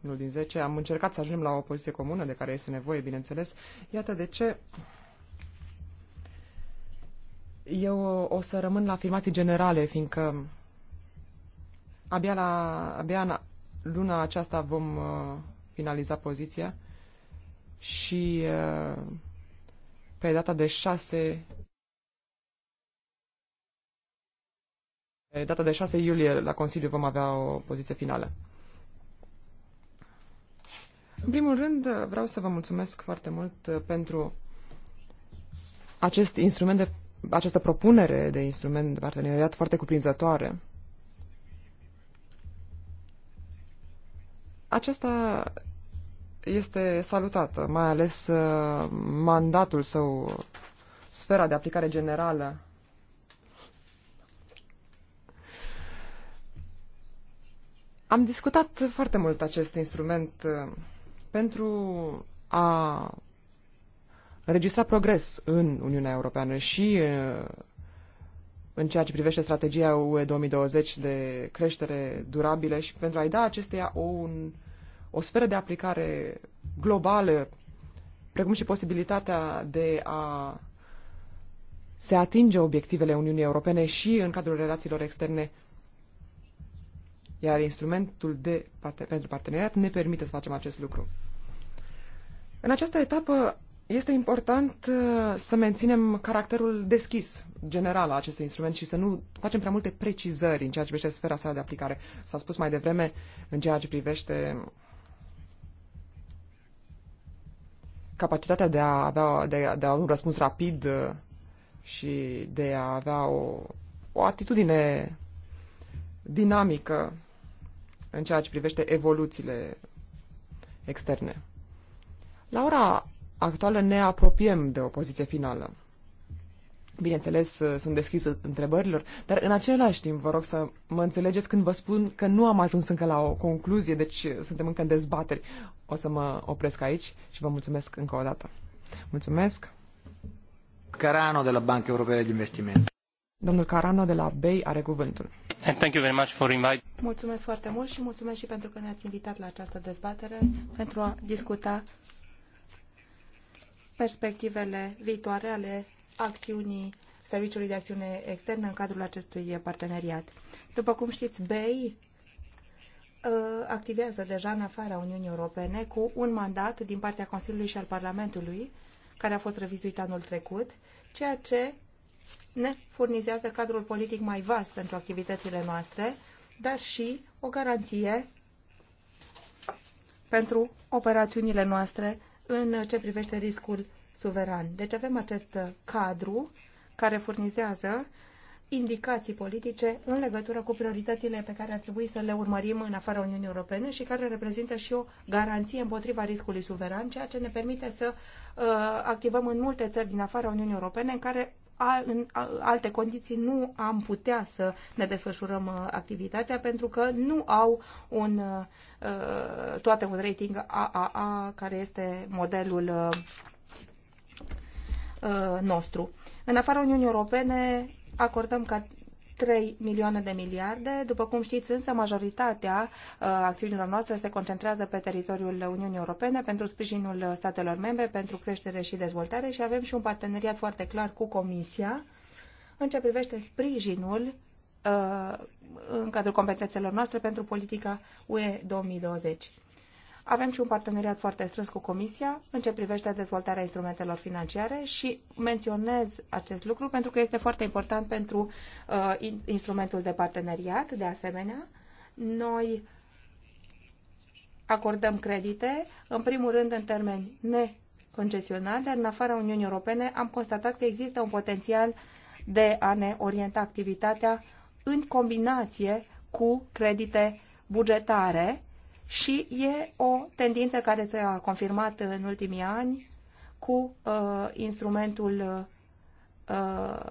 unul din 10. Am încercat să ajungem la o poziție comună, de care este nevoie, bineînțeles. Iată de ce eu o să rămân la afirmații generale, fiindcă abia, la, abia în luna aceasta vom uh, finaliza poziția și uh, pe data de 6 pe data de 6 iulie la Consiliu vom avea o poziție finală. În primul rând, uh, vreau să vă mulțumesc foarte mult uh, pentru acest instrument de, această propunere de instrument de parteneriat foarte cuprinzătoare. Aceasta este salutată, mai ales uh, mandatul său, sfera de aplicare generală. Am discutat foarte mult acest instrument uh, pentru a înregistra progres în Uniunea Europeană și uh, în ceea ce privește strategia UE 2020 de creștere durabilă și pentru a-i da acesteia un, o sferă de aplicare globală, precum și posibilitatea de a se atinge obiectivele Uniunii Europene și în cadrul relațiilor externe, iar instrumentul de parte- pentru parteneriat ne permite să facem acest lucru. În această etapă este important uh, să menținem caracterul deschis, general, al acestui instrument și să nu facem prea multe precizări în ceea ce privește sfera sa de aplicare. S-a spus mai devreme în ceea ce privește capacitatea de a avea de a, de a avea un răspuns rapid uh, și de a avea o, o atitudine dinamică în ceea ce privește evoluțiile externe. La ora actuală ne apropiem de o poziție finală. Bineînțeles, uh, sunt deschisă întrebărilor, dar în același timp vă rog să mă înțelegeți când vă spun că nu am ajuns încă la o concluzie, deci uh, suntem încă în dezbateri. O să mă opresc aici și vă mulțumesc încă o dată. Mulțumesc! Carano de la Banca Europeană de Investiment. Domnul Carano de la BEI are cuvântul. Thank you very much for invite. Mulțumesc foarte mult și mulțumesc și pentru că ne-ați invitat la această dezbatere pentru a discuta perspectivele viitoare ale acțiunii Serviciului de Acțiune Externă în cadrul acestui parteneriat. După cum știți, BEI uh, activează deja în afara Uniunii Europene cu un mandat din partea Consiliului și al Parlamentului, care a fost revizuit anul trecut, ceea ce ne furnizează cadrul politic mai vast pentru activitățile noastre, dar și o garanție pentru operațiunile noastre în ce privește riscul suveran. Deci avem acest uh, cadru care furnizează indicații politice în legătură cu prioritățile pe care ar trebui să le urmărim în afara Uniunii Europene și care reprezintă și o garanție împotriva riscului suveran, ceea ce ne permite să uh, activăm în multe țări din afara Uniunii Europene în care a, în a, alte condiții nu am putea să ne desfășurăm uh, activitatea pentru că nu au un, uh, uh toate un rating AAA care este modelul uh, Uh, nostru. În afara Uniunii Europene acordăm ca 3 milioane de miliarde. După cum știți, însă, majoritatea uh, acțiunilor noastre se concentrează pe teritoriul Uniunii Europene pentru sprijinul statelor membre, pentru creștere și dezvoltare și avem și un parteneriat foarte clar cu Comisia în ce privește sprijinul uh, în cadrul competențelor noastre pentru politica UE 2020. Avem și un parteneriat foarte strâns cu Comisia în ce privește dezvoltarea instrumentelor financiare și menționez acest lucru pentru că este foarte important pentru uh, instrumentul de parteneriat, de asemenea. Noi acordăm credite, în primul rând în termeni neconcesionari, dar în afara Uniunii Europene am constatat că există un potențial de a ne orienta activitatea în combinație cu credite bugetare și e o tendință care s-a confirmat în ultimii ani cu uh, instrumentul uh,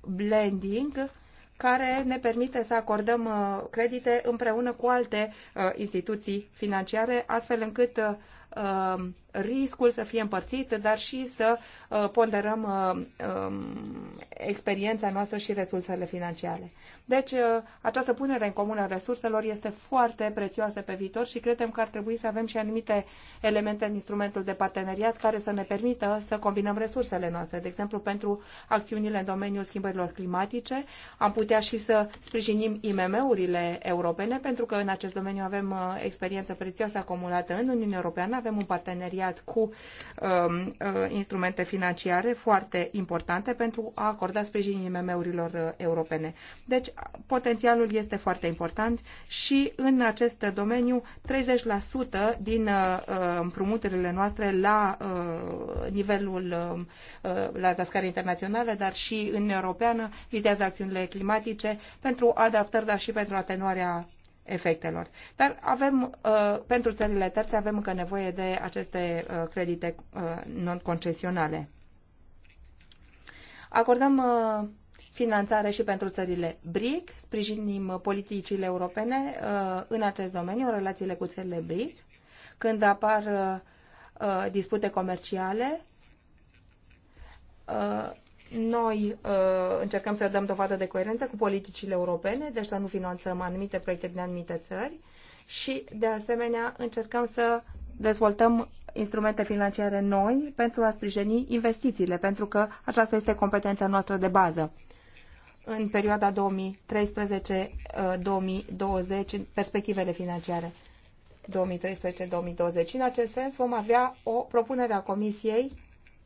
blending, care ne permite să acordăm uh, credite împreună cu alte uh, instituții financiare, astfel încât uh, riscul să fie împărțit, dar și să uh, ponderăm uh, um, experiența noastră și resursele financiare. Deci, uh, această punere în comun a resurselor este foarte prețioasă pe viitor și credem că ar trebui să avem și anumite elemente în instrumentul de parteneriat care să ne permită să combinăm resursele noastre. De exemplu, pentru acțiunile în domeniul schimbărilor climatice, am putea și să sprijinim IMM-urile europene, pentru că în acest domeniu avem experiență prețioasă acumulată în Uniunea Europeană, avem un parteneriat parteneriat cu um, uh, instrumente financiare foarte importante pentru a acorda sprijin IMM-urilor uh, europene. Deci, potențialul este foarte important și în acest domeniu 30% din uh, împrumuturile noastre la nivelul um, la tascare internațională, dar și în Europeană, vizează acțiunile climatice pentru adaptări, dar și pentru atenuarea efectelor. Dar avem, uh, pentru țările terțe avem încă nevoie de aceste uh, credite uh, non-concesionale. Acordăm finanțare și pentru țările BRIC, sprijinim politicile europene în acest domeniu, în relațiile cu țările BRIC, când apar dispute comerciale, noi uh, încercăm să dăm dovadă de coerență cu politicile europene, deci să nu finanțăm anumite proiecte din anumite țări și, de asemenea, încercăm să dezvoltăm instrumente financiare noi pentru a sprijini investițiile, pentru că aceasta este competența noastră de bază. În perioada 2013-2020, uh, perspectivele financiare 2013-2020. În acest sens vom avea o propunere a Comisiei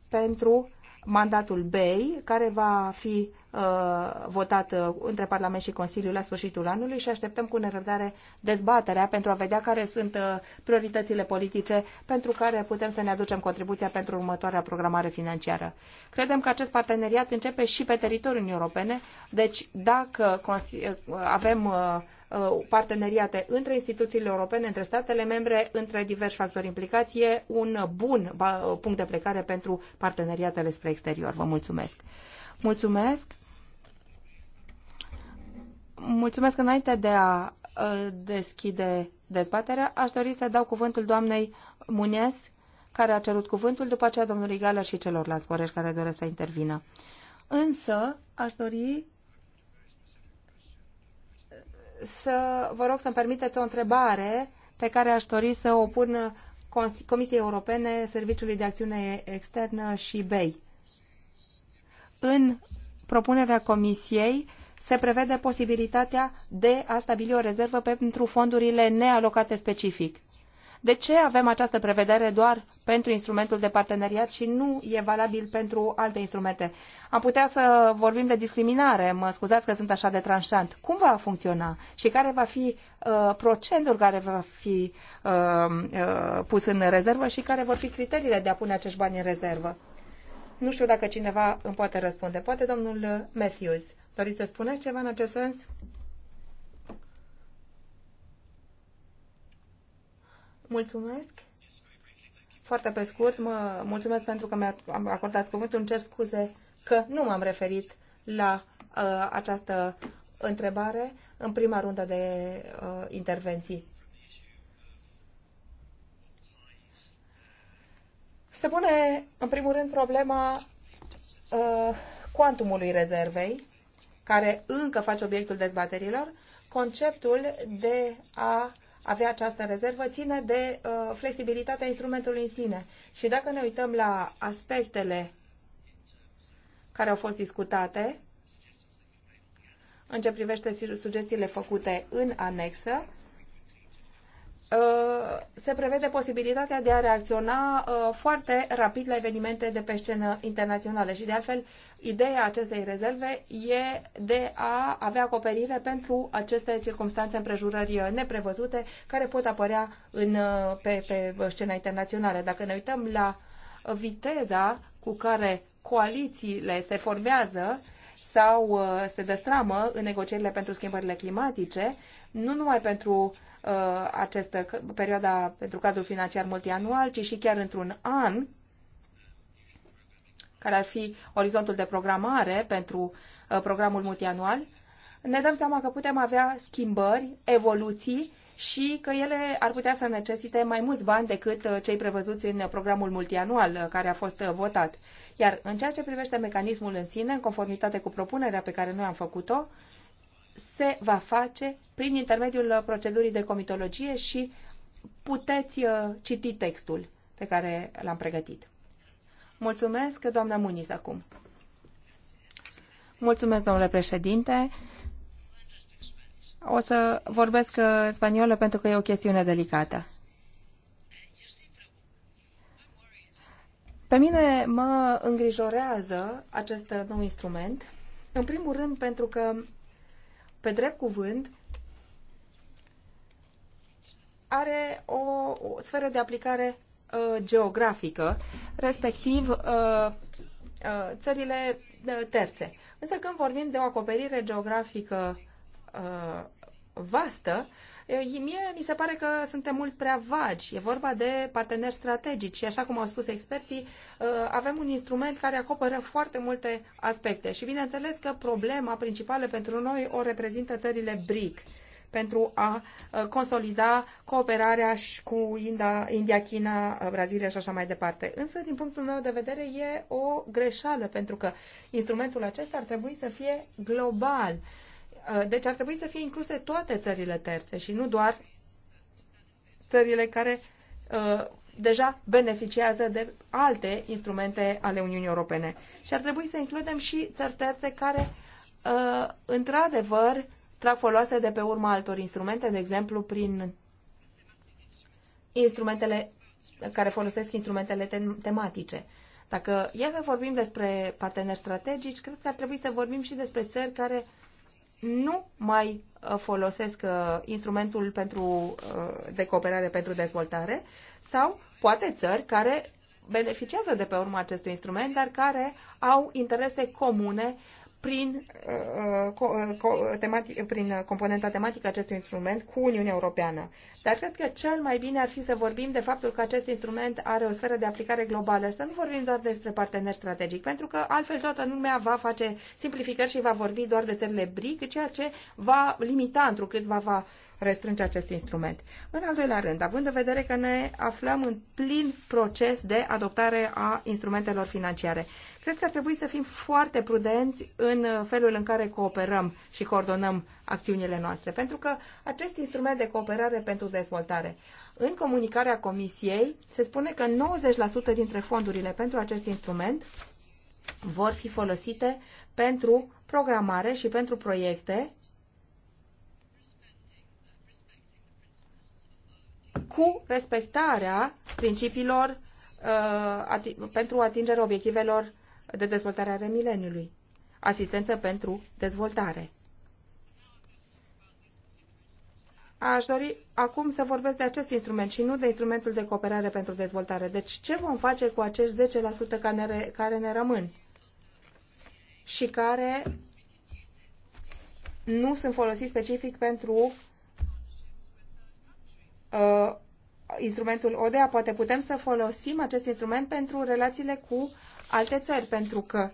pentru mandatul BEI, care va fi uh, votat uh, între Parlament și Consiliu la sfârșitul anului și așteptăm cu nerăbdare dezbaterea pentru a vedea care sunt uh, prioritățile politice pentru care putem să ne aducem contribuția pentru următoarea programare financiară. Credem că acest parteneriat începe și pe teritoriul Uniunii Europene, deci dacă avem Uh, parteneriate între instituțiile europene, între statele membre, între diversi factori implicați, e un bun uh, punct de plecare pentru parteneriatele spre exterior. Vă mulțumesc! Mulțumesc! Mulțumesc înainte de a uh, deschide dezbaterea. Aș dori să dau cuvântul doamnei Munies, care a cerut cuvântul, după aceea domnului Gală și celorlalți corești care doresc să intervină. Însă, aș dori să vă rog să-mi permiteți o întrebare pe care aș dori să o pun Comisiei Europene, Serviciului de Acțiune Externă și BEI. În propunerea Comisiei se prevede posibilitatea de a stabili o rezervă pentru fondurile nealocate specific. De ce avem această prevedere doar pentru instrumentul de parteneriat și nu e valabil pentru alte instrumente? Am putea să vorbim de discriminare, mă scuzați că sunt așa de tranșant. Cum va funcționa și care va fi uh, procentul care va fi uh, uh, pus în rezervă și care vor fi criteriile de a pune acești bani în rezervă? Nu știu dacă cineva îmi poate răspunde. Poate domnul Matthews. Doriți să spuneți ceva în acest sens? Mulțumesc. Foarte pe scurt, mă mulțumesc pentru că mi-am acordat cuvântul. Îmi cer scuze că nu m-am referit la uh, această întrebare în prima rundă de uh, intervenții. Se pune, în primul rând, problema uh, rezervei, care încă face obiectul dezbaterilor, conceptul de a uh, avea această rezervă ține de uh, flexibilitatea instrumentului în sine. Și dacă ne uităm la aspectele care au fost discutate, în ce privește sugestiile făcute în anexă, se prevede posibilitatea de a reacționa uh, foarte rapid la evenimente de pe scenă internațională și de altfel ideea acestei rezerve e de a avea acoperire pentru aceste circunstanțe împrejurări neprevăzute care pot apărea în, uh, pe, pe scena internațională. Dacă ne uităm la viteza cu care coalițiile se formează sau uh, se destramă în negocierile pentru schimbările climatice, nu numai pentru uh, Uh, această perioada pentru cadrul financiar multianual, ci și chiar într-un an, care ar fi orizontul de programare pentru uh, programul multianual, ne dăm seama că putem avea schimbări, evoluții și că ele ar putea să necesite mai mulți bani decât uh, cei prevăzuți în programul multianual care a fost votat. Iar în ceea ce privește mecanismul în sine, în conformitate cu propunerea pe care noi am făcut-o, se va face prin intermediul procedurii de comitologie și puteți uh, citi textul pe care l-am pregătit. Mulțumesc, doamna Muniz, acum. Mulțumesc, domnule președinte. O să vorbesc uh, spaniolă pentru că e o chestiune delicată. Pe mine mă îngrijorează acest nou instrument, în primul rând pentru că pe drept cuvânt, are o, o sferă de aplicare uh, geografică, respectiv uh, uh, țările uh, terțe. Însă când vorbim de o acoperire geografică uh, vastă, Mie mi se pare că suntem mult prea vagi. E vorba de parteneri strategici și, așa cum au spus experții, avem un instrument care acoperă foarte multe aspecte. Și, bineînțeles, că problema principală pentru noi o reprezintă țările BRIC pentru a consolida cooperarea și cu India, India, China, Brazilia și așa mai departe. Însă, din punctul meu de vedere, e o greșeală, pentru că instrumentul acesta ar trebui să fie global Uh, deci ar trebui să fie incluse toate țările terțe și nu doar țările care uh, deja beneficiază de alte instrumente ale Uniunii Europene. Și ar trebui să includem și țări terțe care, uh, într-adevăr, trag foloase de pe urma altor instrumente, de exemplu, prin instrumentele care folosesc instrumentele tematice. Dacă e să vorbim despre parteneri strategici, cred că ar trebui să vorbim și despre țări care uh, nu mai uh, folosesc uh, instrumentul pentru, uh, de cooperare pentru dezvoltare sau poate țări care beneficiază de pe urma acestui instrument, dar care au interese comune prin, uh, uh, tematic, prin componenta tematică acestui instrument cu Uniunea Europeană. Dar cred că cel mai bine ar fi să vorbim de faptul că acest instrument are o sferă de aplicare globală, să nu vorbim doar despre parteneri strategic, pentru că altfel toată lumea va face simplificări și va vorbi doar de țările BRIC, ceea ce va limita întrucât va, va restrânge acest instrument. În al doilea rând, având în vedere că ne aflăm în plin proces de adoptare a instrumentelor financiare, Cred că ar trebui să fim foarte prudenți în felul în care cooperăm și coordonăm acțiunile noastre, pentru că acest instrument de cooperare pentru dezvoltare, în comunicarea Comisiei, se spune că 90% dintre fondurile pentru acest instrument vor fi folosite pentru programare și pentru proiecte cu respectarea principiilor uh, ati pentru atingerea obiectivelor de dezvoltare ale mileniului. Asistență pentru dezvoltare. Aș dori acum să vorbesc de acest instrument și nu de instrumentul de cooperare pentru dezvoltare. Deci ce vom face cu acești 10% care ne, care ne rămân și care nu sunt folosiți specific pentru uh, instrumentul ODA, poate putem să folosim acest instrument pentru relațiile cu alte țări, pentru că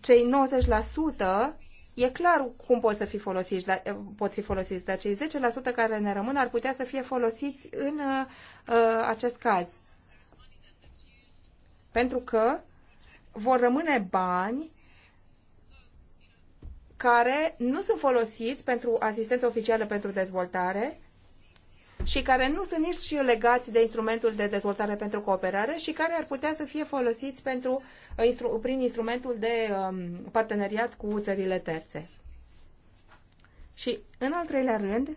cei 90% e clar cum pot să fi folosiți, dar, eh, pot fi folosiți, dar cei 10% care ne rămân ar putea să fie folosiți în eh, uh, acest caz. Pentru că vor rămâne bani care nu sunt folosiți pentru asistență oficială pentru dezvoltare, și care nu sunt nici legați de instrumentul de dezvoltare pentru cooperare și care ar putea să fie folosiți pentru, uh, prin instrumentul de um, parteneriat cu țările terțe. Și, în al treilea rând,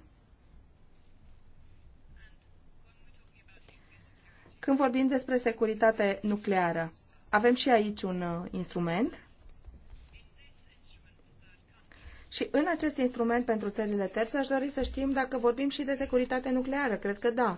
când vorbim despre securitate nucleară, avem și aici un uh, instrument și în acest instrument pentru țările terțe aș dori să știm dacă vorbim și de securitate nucleară. Cred că da.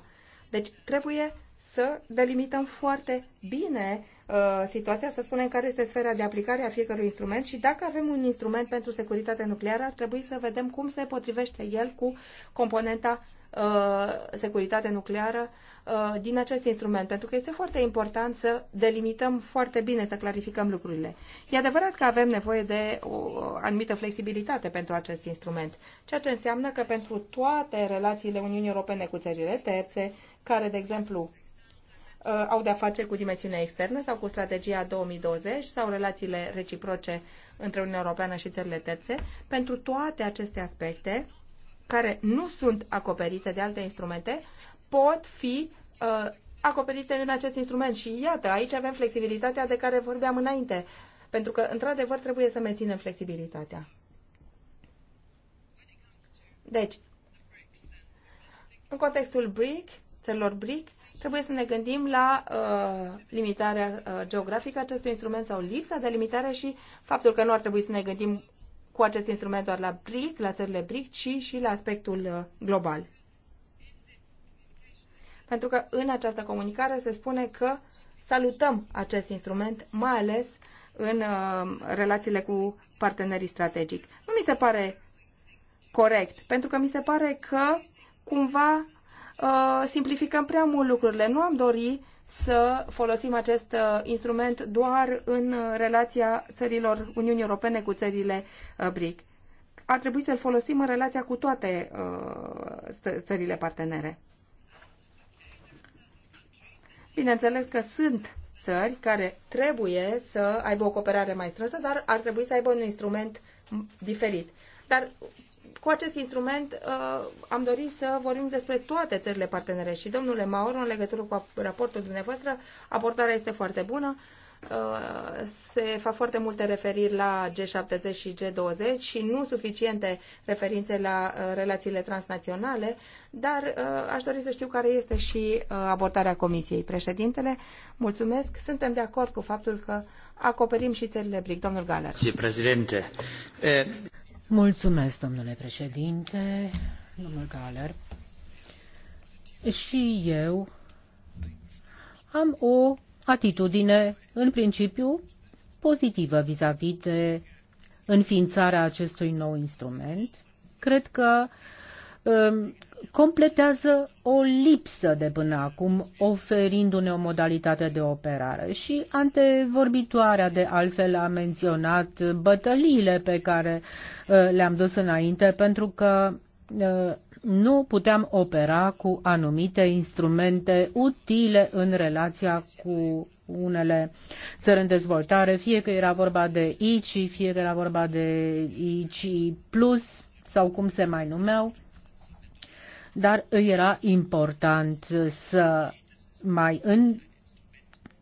Deci trebuie să delimităm foarte bine uh, situația, să spunem care este sfera de aplicare a fiecărui instrument și dacă avem un instrument pentru securitate nucleară, ar trebui să vedem cum se potrivește el cu componenta Uh, securitate nucleară uh, din acest instrument, pentru că este foarte important să delimităm foarte bine, să clarificăm lucrurile. E adevărat că avem nevoie de o uh, anumită flexibilitate pentru acest instrument, ceea ce înseamnă că pentru toate relațiile Uniunii Europene cu țările terțe, care, de exemplu, au de-a face cu dimensiunea externă sau cu strategia 2020 sau relațiile reciproce între Uniunea Europeană și țările terțe, pentru toate aceste aspecte, care nu sunt acoperite de alte instrumente pot fi uh, acoperite în acest instrument. Și iată, aici avem flexibilitatea de care vorbeam înainte, pentru că, într-adevăr, trebuie să menținem flexibilitatea. Deci, în contextul BRIC, țărilor BRIC, trebuie să ne gândim la uh, limitarea uh, geografică acestui instrument sau lipsa de limitare și faptul că nu ar trebui să ne gândim cu acest instrument doar la BRIC, la țările BRIC, ci și la aspectul uh, global. Pentru că în această comunicare se spune că salutăm acest instrument, mai ales în uh, relațiile cu partenerii strategic. Nu mi se pare corect, pentru că mi se pare că cumva uh, simplificăm prea mult lucrurile. Nu am dorit să folosim acest uh, instrument doar în uh, relația țărilor Uniunii Europene cu țările uh, BRIC. Ar trebui să-l folosim în relația cu toate țările partenere. Bineînțeles că sunt țări care trebuie să aibă o cooperare mai strânsă, dar ar trebui să aibă un instrument diferit. Dar cu acest instrument uh, am dorit să vorbim despre toate țările partenere și domnule Mauro, în legătură cu raportul dumneavoastră, abordarea este foarte bună uh, se fac foarte multe referiri la G70 și G20 și nu suficiente referințe la uh, relațiile transnaționale, dar aș dori să știu care este și abordarea Comisiei. Președintele, mulțumesc. Suntem de acord cu faptul că acoperim și țările BRIC. Domnul Galer. Si, președinte. Eh, Mulțumesc, domnule președinte, domnul Galer. Și eu am o atitudine, în principiu, pozitivă vis-a-vis -vis de înființarea acestui nou instrument. Cred că um, completează o lipsă de până acum, oferindu-ne o modalitate de operare. Și antevorbitoarea de altfel a menționat bătăliile pe care uh, le-am dus înainte, pentru că uh, nu puteam opera cu anumite instrumente utile în relația cu unele țări în dezvoltare, fie că era vorba de ICI, fie că era vorba de ICI Plus sau cum se mai numeau dar era important să mai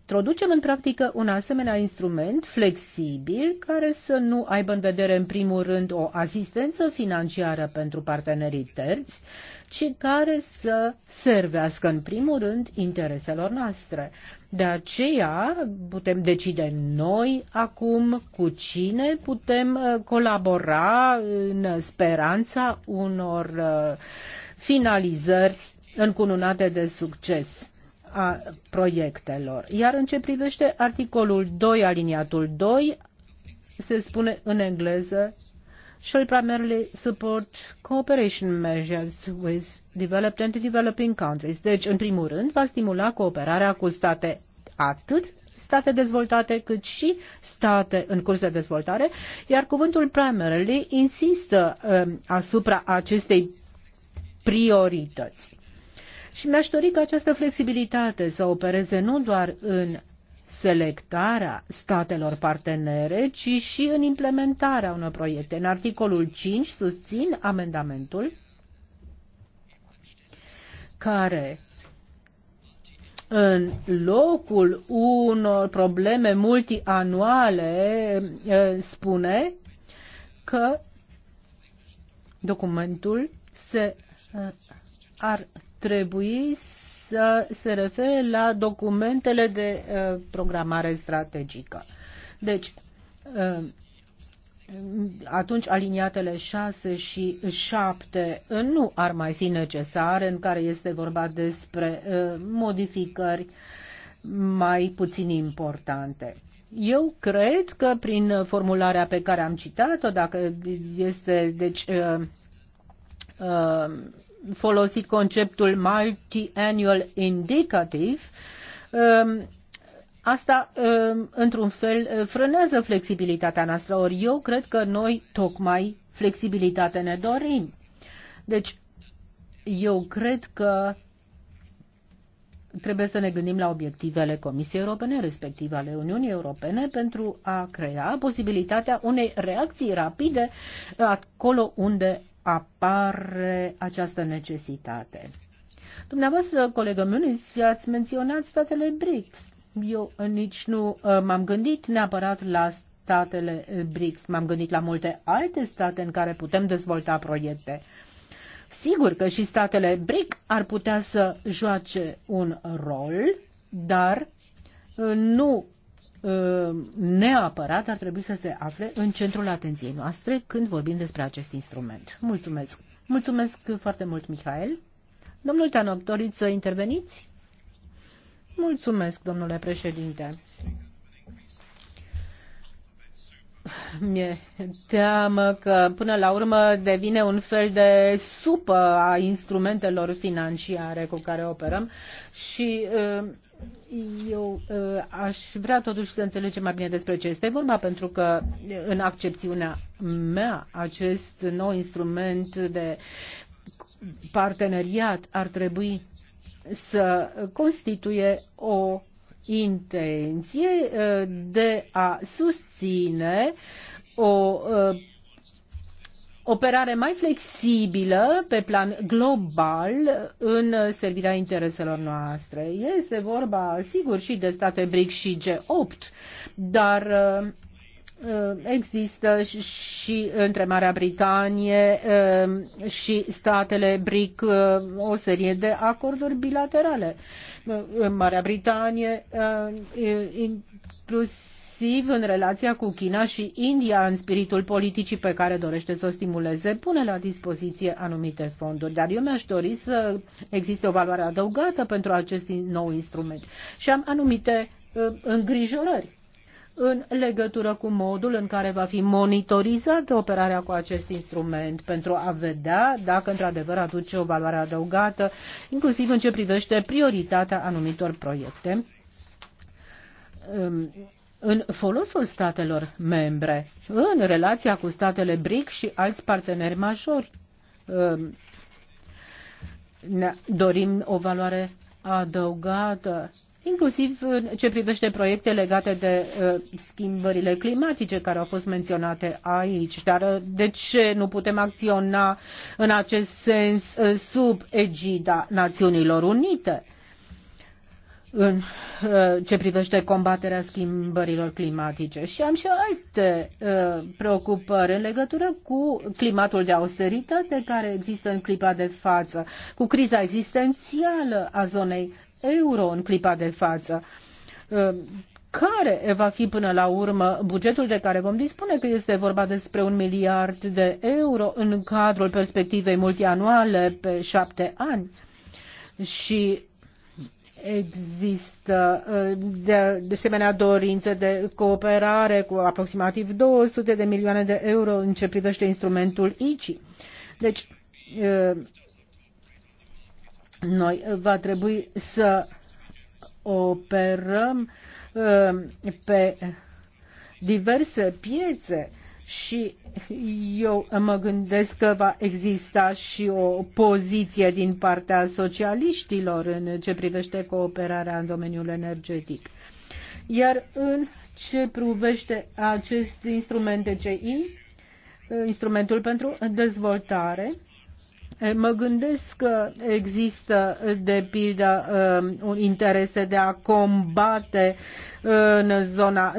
introducem în practică un asemenea instrument flexibil care să nu aibă în vedere în primul rând o asistență financiară pentru partenerii terți, ci care să servească în primul rând intereselor noastre. De aceea putem decide noi acum cu cine putem uh, colabora în speranța unor uh, finalizări încununate de succes a proiectelor. Iar în ce privește articolul 2, aliniatul 2, se spune în engleză shall primarily support cooperation measures with developed and developing countries. Deci, în primul rând, va stimula cooperarea cu state atât state dezvoltate cât și state în curs de dezvoltare, iar cuvântul primarily insistă um, asupra acestei priorități. Și mi-aș dori ca această flexibilitate să opereze nu doar în selectarea statelor partenere, ci și în implementarea unor proiecte. În articolul 5 susțin amendamentul care în locul unor probleme multianuale eh, spune că documentul se ar trebui să se refere la documentele de uh, programare strategică. Deci, uh, atunci aliniatele 6 și 7 nu ar mai fi necesare, în care este vorba despre uh, modificări mai puțin importante. Eu cred că prin formularea pe care am citat-o, dacă este deci Uh, folosit conceptul multi-annual indicative, um, asta um, într-un fel uh, frânează flexibilitatea noastră, ori eu cred că noi tocmai flexibilitate ne dorim. Deci, eu cred că trebuie să ne gândim la obiectivele Comisiei Europene, respectiv ale Uniunii Europene, pentru a crea posibilitatea unei reacții rapide acolo unde apare această necesitate. Dumneavoastră, colegă Muniz, ați menționat statele BRICS. Eu nici nu uh, m-am gândit neapărat la statele BRICS, m-am gândit la multe alte state în care putem dezvolta proiecte. Sigur că și statele BRIC ar putea să joace un rol, dar uh, nu Uh, neapărat ar trebui să se afle în centrul atenției noastre când vorbim despre acest instrument. Mulțumesc! Mulțumesc foarte mult, Mihail! Domnul Tanoc, doriți să interveniți? Mulțumesc, domnule președinte! Mi-e teamă că până la urmă devine un fel de supă a instrumentelor financiare cu care operăm și uh, eu uh, aș vrea totuși să înțelegem mai bine despre ce este vorba, pentru că uh, în accepțiunea mea acest nou instrument de parteneriat ar trebui să constituie o intenție uh, de a susține o operare mai flexibilă pe plan global în servirea intereselor noastre. Este vorba, sigur, și de state BRIC și G8, dar uh, există și între Marea Britanie uh, și statele BRIC uh, o serie de acorduri bilaterale. În Marea Britanie inclusiv agresiv în relația cu China și India, în spiritul politicii pe care dorește să o stimuleze, pune la dispoziție anumite fonduri. Dar eu mi-aș dori să existe o valoare adăugată pentru acest nou instrument. Și am anumite ă, îngrijorări în legătură cu modul în care va fi monitorizată operarea cu acest instrument pentru a vedea dacă într-adevăr aduce o valoare adăugată, inclusiv în ce privește prioritatea anumitor proiecte în folosul statelor membre, în relația cu statele BRIC și alți parteneri majori. Um, ne dorim o valoare adăugată, inclusiv în ce privește proiecte legate de uh, schimbările climatice care au fost menționate aici. Dar uh, de ce nu putem acționa în acest sens uh, sub egida Națiunilor Unite? în uh, ce privește combaterea schimbărilor climatice. Și am și alte uh, preocupări în legătură cu climatul de austeritate care există în clipa de față, cu criza existențială a zonei euro în clipa de față. Uh, care va fi până la urmă bugetul de care vom dispune, că este vorba despre un miliard de euro în cadrul perspectivei multianuale pe șapte ani? Și există uh, de, de asemenea dorință de cooperare cu aproximativ 200 de milioane de euro în ce privește instrumentul ICI. Deci, uh, noi va trebui să operăm uh, pe diverse piețe și eu mă gândesc că va exista și o poziție din partea socialiștilor în ce privește cooperarea în domeniul energetic. Iar în ce privește acest instrument DCI, instrumentul pentru dezvoltare, Mă gândesc că există, de pildă, un interese de a combate în zona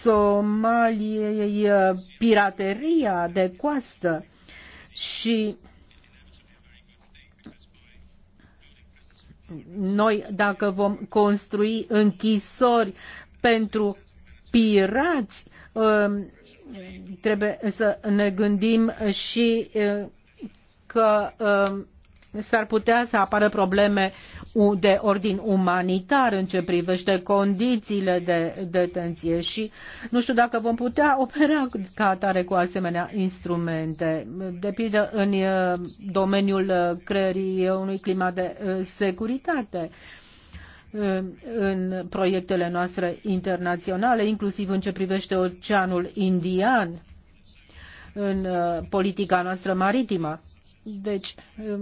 Somaliei pirateria de coastă și noi dacă vom construi închisori pentru pirați, trebuie să ne gândim și că um, s-ar putea să apară probleme de ordin umanitar în ce privește condițiile de detenție și nu știu dacă vom putea opera ca atare cu asemenea instrumente. De pildă în uh, domeniul uh, creării unui climat de uh, securitate în proiectele noastre internaționale, inclusiv în ce privește Oceanul Indian, în politica noastră maritimă deci,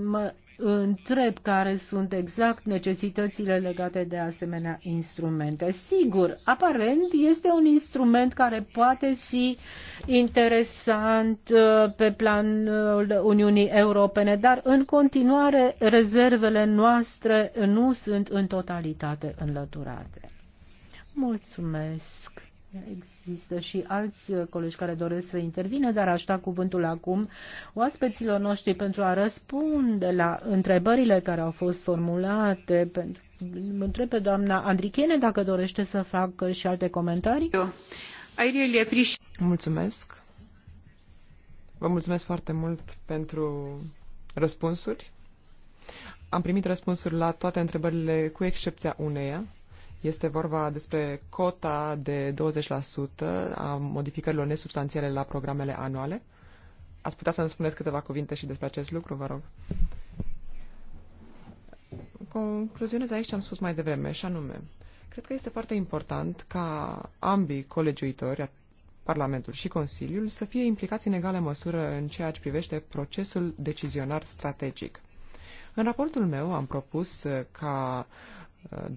mă întreb care sunt exact necesitățile legate de asemenea instrumente. Sigur, aparent este un instrument care poate fi interesant uh, pe planul Uniunii Europene, dar în continuare rezervele noastre nu sunt în totalitate înlăturate. Mulțumesc. Există și alți uh, colegi care doresc să intervină, dar aș da cuvântul acum oaspeților noștri pentru a răspunde la întrebările care au fost formulate. Mă întreb pe doamna Andrichene dacă dorește să facă și alte comentarii. Mulțumesc. Vă mulțumesc foarte mult pentru răspunsuri. Am primit răspunsuri la toate întrebările, cu excepția uneia. Este vorba despre cota de 20% a modificărilor nesubstanțiale la programele anuale. Ați putea să-mi spuneți câteva cuvinte și despre acest lucru, vă rog. Concluzionez aici ce am spus mai devreme, și anume, cred că este foarte important ca ambii colegiuitori, Parlamentul și Consiliul, să fie implicați în egală măsură în ceea ce privește procesul decizionar strategic. În raportul meu am propus uh, ca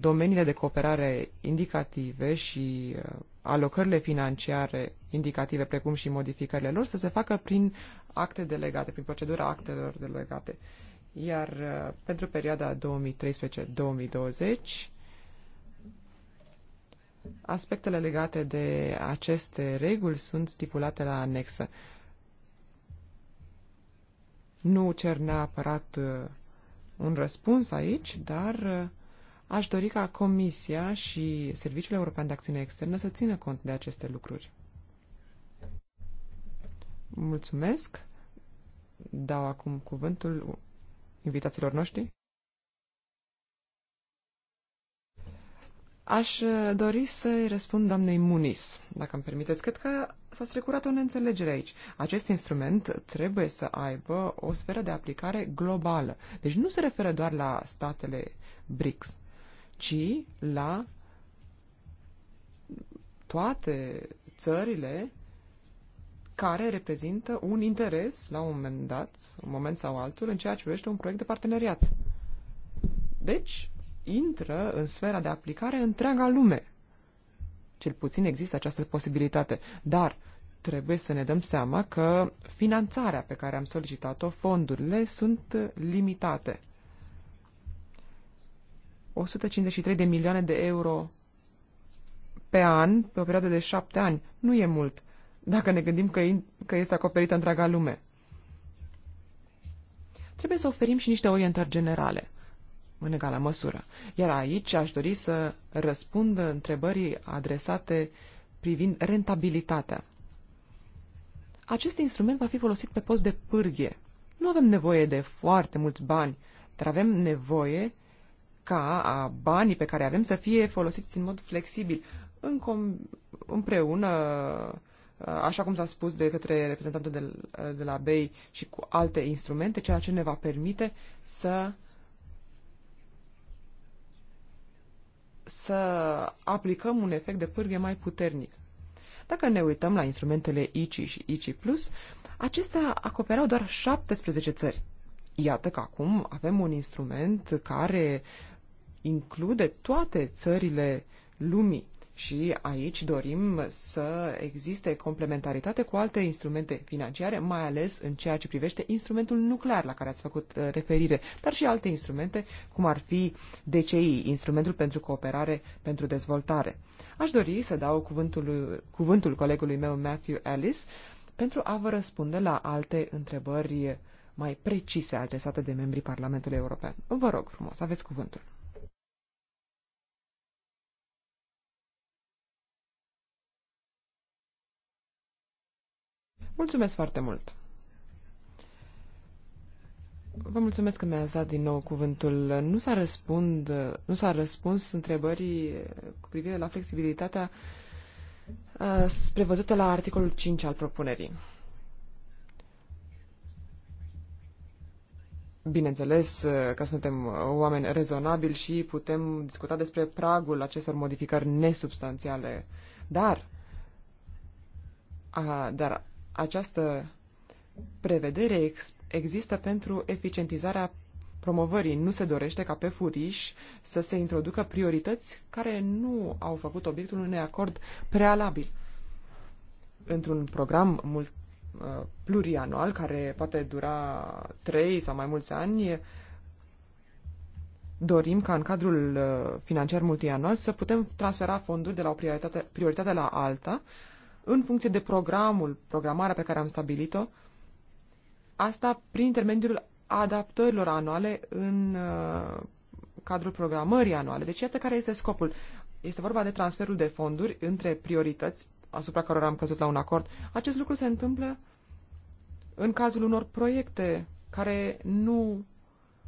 domeniile de cooperare indicative și uh, alocările financiare indicative, precum și modificările lor, să se facă prin acte delegate, prin procedura actelor delegate. Iar uh, pentru perioada 2013-2020, aspectele legate de aceste reguli sunt stipulate la anexă. Nu cer neapărat uh, un răspuns aici, dar Aș dori ca Comisia și Serviciul European de Acțiune Externă să țină cont de aceste lucruri. Mulțumesc. Dau acum cuvântul invitaților noștri. Aș uh, dori să-i răspund doamnei Munis, dacă îmi permiteți. Cred că s-a strecurat o neînțelegere aici. Acest instrument trebuie să aibă o sferă de aplicare globală. Deci nu se referă doar la statele BRICS ci la toate țările care reprezintă un interes la un moment dat, un moment sau altul, în ceea ce privește un proiect de parteneriat. Deci, intră în sfera de aplicare întreaga lume. Cel puțin există această posibilitate, dar trebuie să ne dăm seama că finanțarea pe care am solicitat-o, fondurile, sunt limitate. 153 de milioane de euro pe an, pe o perioadă de șapte ani, nu e mult, dacă ne gândim că, că este acoperită întreaga lume. Trebuie să oferim și niște orientări generale, în egală măsură. Iar aici aș dori să răspund întrebării adresate privind rentabilitatea. Acest instrument va fi folosit pe post de pârghie. Nu avem nevoie de foarte mulți bani, dar avem nevoie ca a banii pe care avem să fie folosiți în mod flexibil, în com- împreună, uh, așa cum s-a spus de către reprezentantul de, uh, de la BEI și cu alte instrumente, ceea ce ne va permite să să aplicăm un efect de pârghie mai puternic. Dacă ne uităm la instrumentele ICI și ICI+, acestea acoperau doar 17 țări. Iată că acum avem un instrument care uh, include toate țările lumii și aici dorim să existe complementaritate cu alte instrumente financiare, mai ales în ceea ce privește instrumentul nuclear la care ați făcut uh, referire, dar și alte instrumente, cum ar fi DCI, instrumentul pentru cooperare pentru dezvoltare. Aș dori să dau cuvântul, cuvântul colegului meu Matthew Ellis pentru a vă răspunde la alte întrebări mai precise adresate de membrii Parlamentului European. Vă rog frumos, aveți cuvântul. Mulțumesc foarte mult! Vă mulțumesc că mi-ați dat din nou cuvântul. Nu s-a, răspund, nu s-a răspuns întrebării cu privire la flexibilitatea prevăzută la articolul 5 al propunerii. Bineînțeles că suntem oameni rezonabili și putem discuta despre pragul acestor modificări nesubstanțiale, dar, a, dar această prevedere ex- există pentru eficientizarea promovării. Nu se dorește ca pe furiș să se introducă priorități care nu au făcut obiectul unui acord prealabil. Într-un program mult, uh, plurianual care poate dura trei sau mai mulți ani, dorim ca în cadrul uh, financiar multianual să putem transfera fonduri de la o prioritate, prioritate la alta în funcție de programul, programarea pe care am stabilit-o, asta prin intermediul adaptărilor anuale în uh, cadrul programării anuale. Deci iată care este scopul. Este vorba de transferul de fonduri între priorități asupra cărora am căzut la un acord. Acest lucru se întâmplă în cazul unor proiecte care nu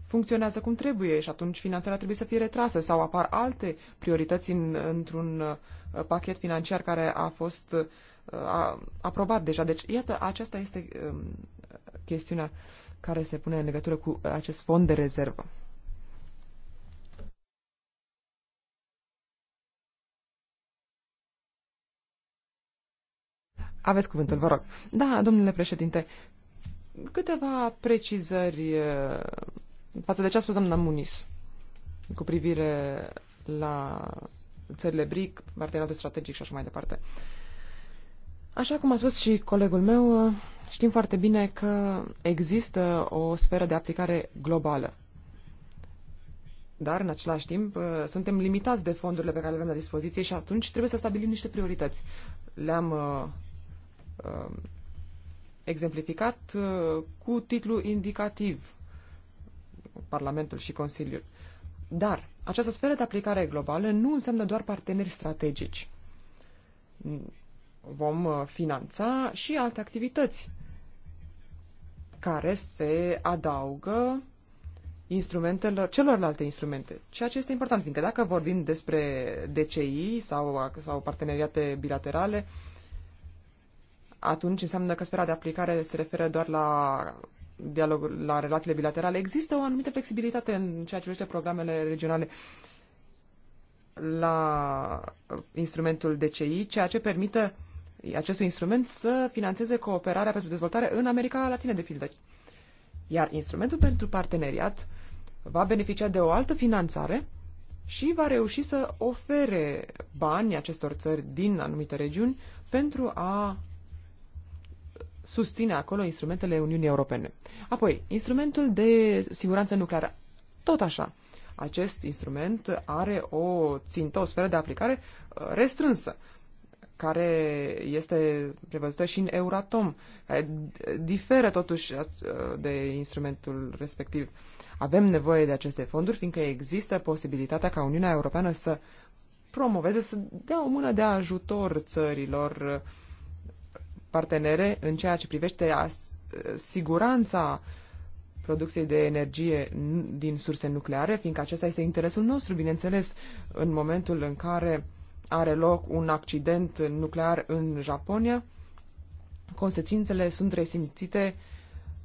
funcționează cum trebuie și atunci finanțarea trebuie să fie retrasă sau apar alte priorități în, într-un uh, pachet financiar care a fost a, aprobat deja. Deci, iată, aceasta este um, chestiunea care se pune în legătură cu acest fond de rezervă. Aveți cuvântul, vă rog. Da, domnule președinte, câteva precizări uh, față de ce a spus doamna Munis cu privire la țările BRIC, parteneriatul strategic și așa mai departe. Uh, Așa cum a spus și colegul meu, uh, știm foarte bine că există o sferă de aplicare globală. Dar, în același timp, uh, suntem limitați de fondurile pe care le avem la dispoziție și atunci trebuie să stabilim niște priorități. Le-am uh, uh, exemplificat uh, cu titlu indicativ Parlamentul și Consiliul. Dar această sferă de aplicare globală nu înseamnă doar parteneri strategici vom uh, finanța și alte activități care se adaugă instrumentelor, celorlalte instrumente. Ceea ce este important, fiindcă dacă vorbim despre DCI sau, uh, sau parteneriate bilaterale, atunci înseamnă că sfera de aplicare se referă doar la dialogul, la relațiile bilaterale. Există o anumită flexibilitate în ceea ce privește programele regionale la instrumentul DCI, ceea ce permite acestui instrument să financeze cooperarea pentru dezvoltare în America Latină, de pildă. Iar instrumentul pentru parteneriat va beneficia de o altă finanțare și va reuși să ofere bani acestor țări din anumite regiuni pentru a susține acolo instrumentele Uniunii Europene. Apoi, instrumentul de siguranță nucleară. Tot așa. Acest instrument are o țintă, o sferă de aplicare uh, restrânsă care este prevăzută și în Euratom, care diferă totuși uh, de instrumentul respectiv. Avem nevoie de aceste fonduri, fiindcă există posibilitatea ca Uniunea Europeană să promoveze, să dea o mână de ajutor țărilor uh, partenere în ceea ce privește uh, siguranța producției de energie din surse nucleare, fiindcă acesta este interesul nostru, bineînțeles, în momentul în care uh, are loc un accident nuclear în Japonia, consecințele sunt resimțite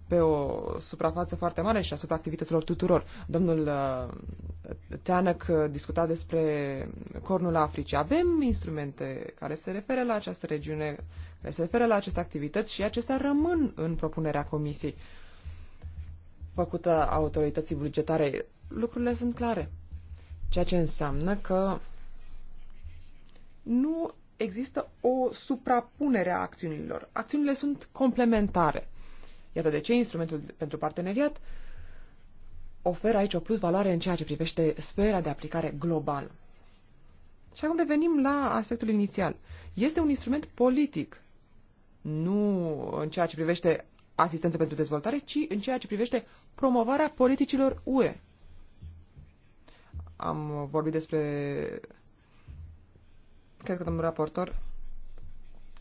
pe o suprafață foarte mare și asupra activităților tuturor. Domnul uh, Teanăc uh, discuta despre cornul Africii. Avem instrumente care se referă la această regiune, care se referă la aceste activități și acestea rămân în propunerea comisiei făcută autorității bugetare. Lucrurile sunt clare. Ceea ce înseamnă că nu există o suprapunere a acțiunilor. Acțiunile sunt complementare. Iată de ce instrumentul pentru parteneriat oferă aici o plus valoare în ceea ce privește sfera de aplicare globală. Și acum revenim la aspectul inițial. Este un instrument politic, nu în ceea ce privește asistență pentru dezvoltare, ci în ceea ce privește promovarea politicilor UE. Am vorbit despre Cred că domnul raportor,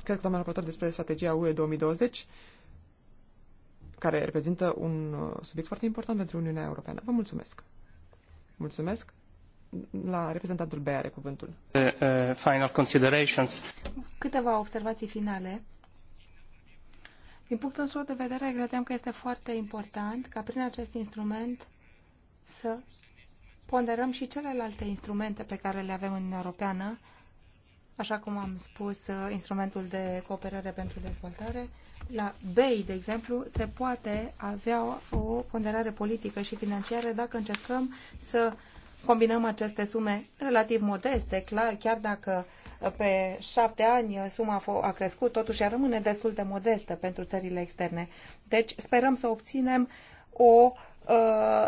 cred că domnul raportor despre strategia UE 2020, care reprezintă un uh, subiect foarte important pentru Uniunea Europeană. Vă mulțumesc. Mulțumesc. La reprezentantul B are cuvântul. Uh, uh, final considerations. Câteva observații finale. Din punctul nostru de vedere, credeam că este foarte important ca prin acest instrument să ponderăm și celelalte instrumente pe care le avem în Uniunea Europeană Așa cum am spus, uh, instrumentul de cooperare pentru dezvoltare, la BEI, de exemplu, se poate avea o ponderare politică și financiară dacă încercăm să combinăm aceste sume relativ modeste, clar, chiar dacă uh, pe șapte ani uh, suma a crescut, totuși ea rămâne destul de modestă pentru țările externe. Deci sperăm să obținem o uh,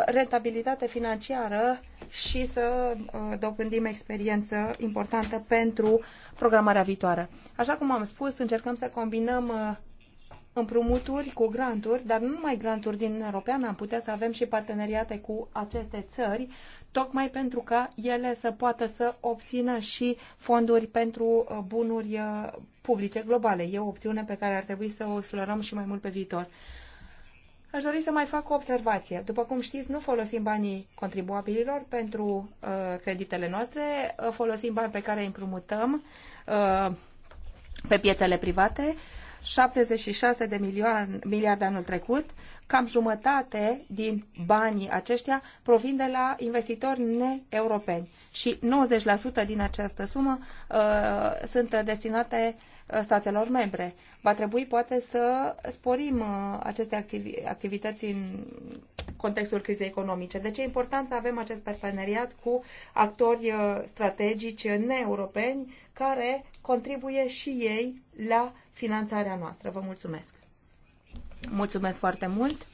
rentabilitate financiară și să uh, dobândim experiență importantă pentru programarea viitoare. Așa cum am spus, încercăm să combinăm uh, împrumuturi cu granturi, dar nu numai granturi din European, am putea să avem și parteneriate cu aceste țări, tocmai pentru ca ele să poată să obțină și fonduri pentru bunuri publice globale. E o opțiune pe care ar trebui să o slărăm și mai mult pe viitor. Aș dori să mai fac o observație. După cum știți, nu folosim banii contribuabililor pentru uh, creditele noastre, uh, folosim bani pe care îi împrumutăm uh, pe piețele private, 76 de milioane, miliarde anul trecut, cam jumătate din banii aceștia provin de la investitori neeuropeni și 90% din această sumă uh, sunt destinate uh, Uh, statelor membre. Va trebui poate să sporim uh, aceste activități în contextul crizei economice. De deci ce e important să avem acest parteneriat cu actori uh, strategici neeuropeni care contribuie și ei la finanțarea noastră. Vă mulțumesc! Mulțumesc foarte mult,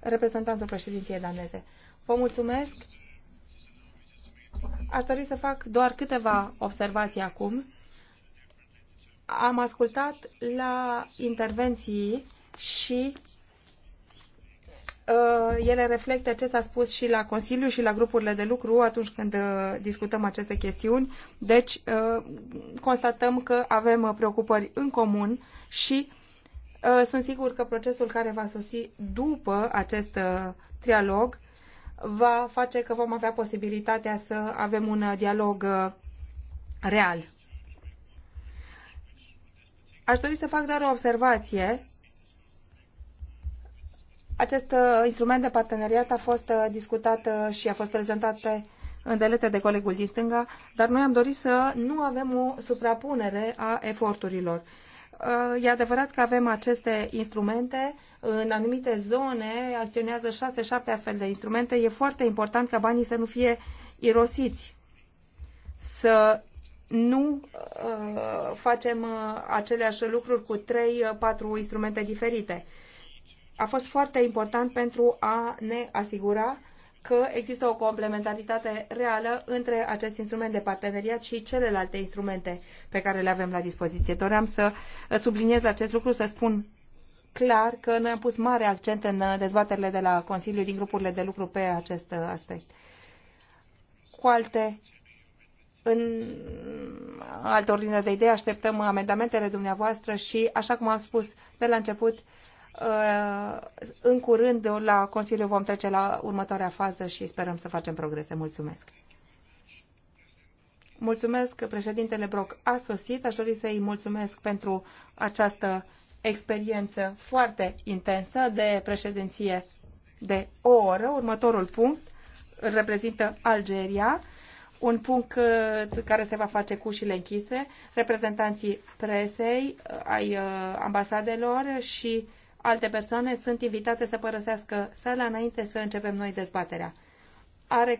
reprezentantul președinției daneze. Vă mulțumesc! Aș dori să fac doar câteva observații acum am ascultat la intervenții și uh, ele reflectă ce s-a spus și la Consiliu și la grupurile de lucru atunci când uh, discutăm aceste chestiuni. Deci, uh, constatăm că avem preocupări în comun și sunt sigur că procesul care va sosi după acest trialog va face că vom avea posibilitatea să avem un dialog real Aș dori să fac doar o observație. Acest uh, instrument de parteneriat a fost uh, discutat uh, și a fost prezentat pe îndelete de colegul din stânga, dar noi am dorit să nu avem o suprapunere a eforturilor. E adevărat că avem aceste instrumente, în anumite zone acționează 6-7 astfel de instrumente. E foarte important ca banii să nu fie irosiți, să nu uh, facem uh, aceleași lucruri cu trei, uh, patru instrumente diferite. A fost foarte important pentru a ne asigura că există o complementaritate reală între acest instrument de parteneriat și celelalte instrumente pe care le avem la dispoziție. Doream să subliniez acest lucru, să spun clar că noi am pus mare accent în uh, dezbaterile de la Consiliu din grupurile de lucru pe acest uh, aspect. Cu alte în altă ordine de idei, așteptăm amendamentele dumneavoastră și, așa cum am spus de la început, uh, în curând la Consiliu vom trece la următoarea fază și sperăm să facem progrese. Mulțumesc! Mulțumesc, președintele Broc a sosit. Aș dori să-i mulțumesc pentru această experiență foarte intensă de președinție de o oră. Următorul punct reprezintă Algeria un punct uh, care se va face cu ușile închise, reprezentanții presei, uh, ai uh, ambasadelor și alte persoane sunt invitate să părăsească sala înainte să începem noi dezbaterea. Are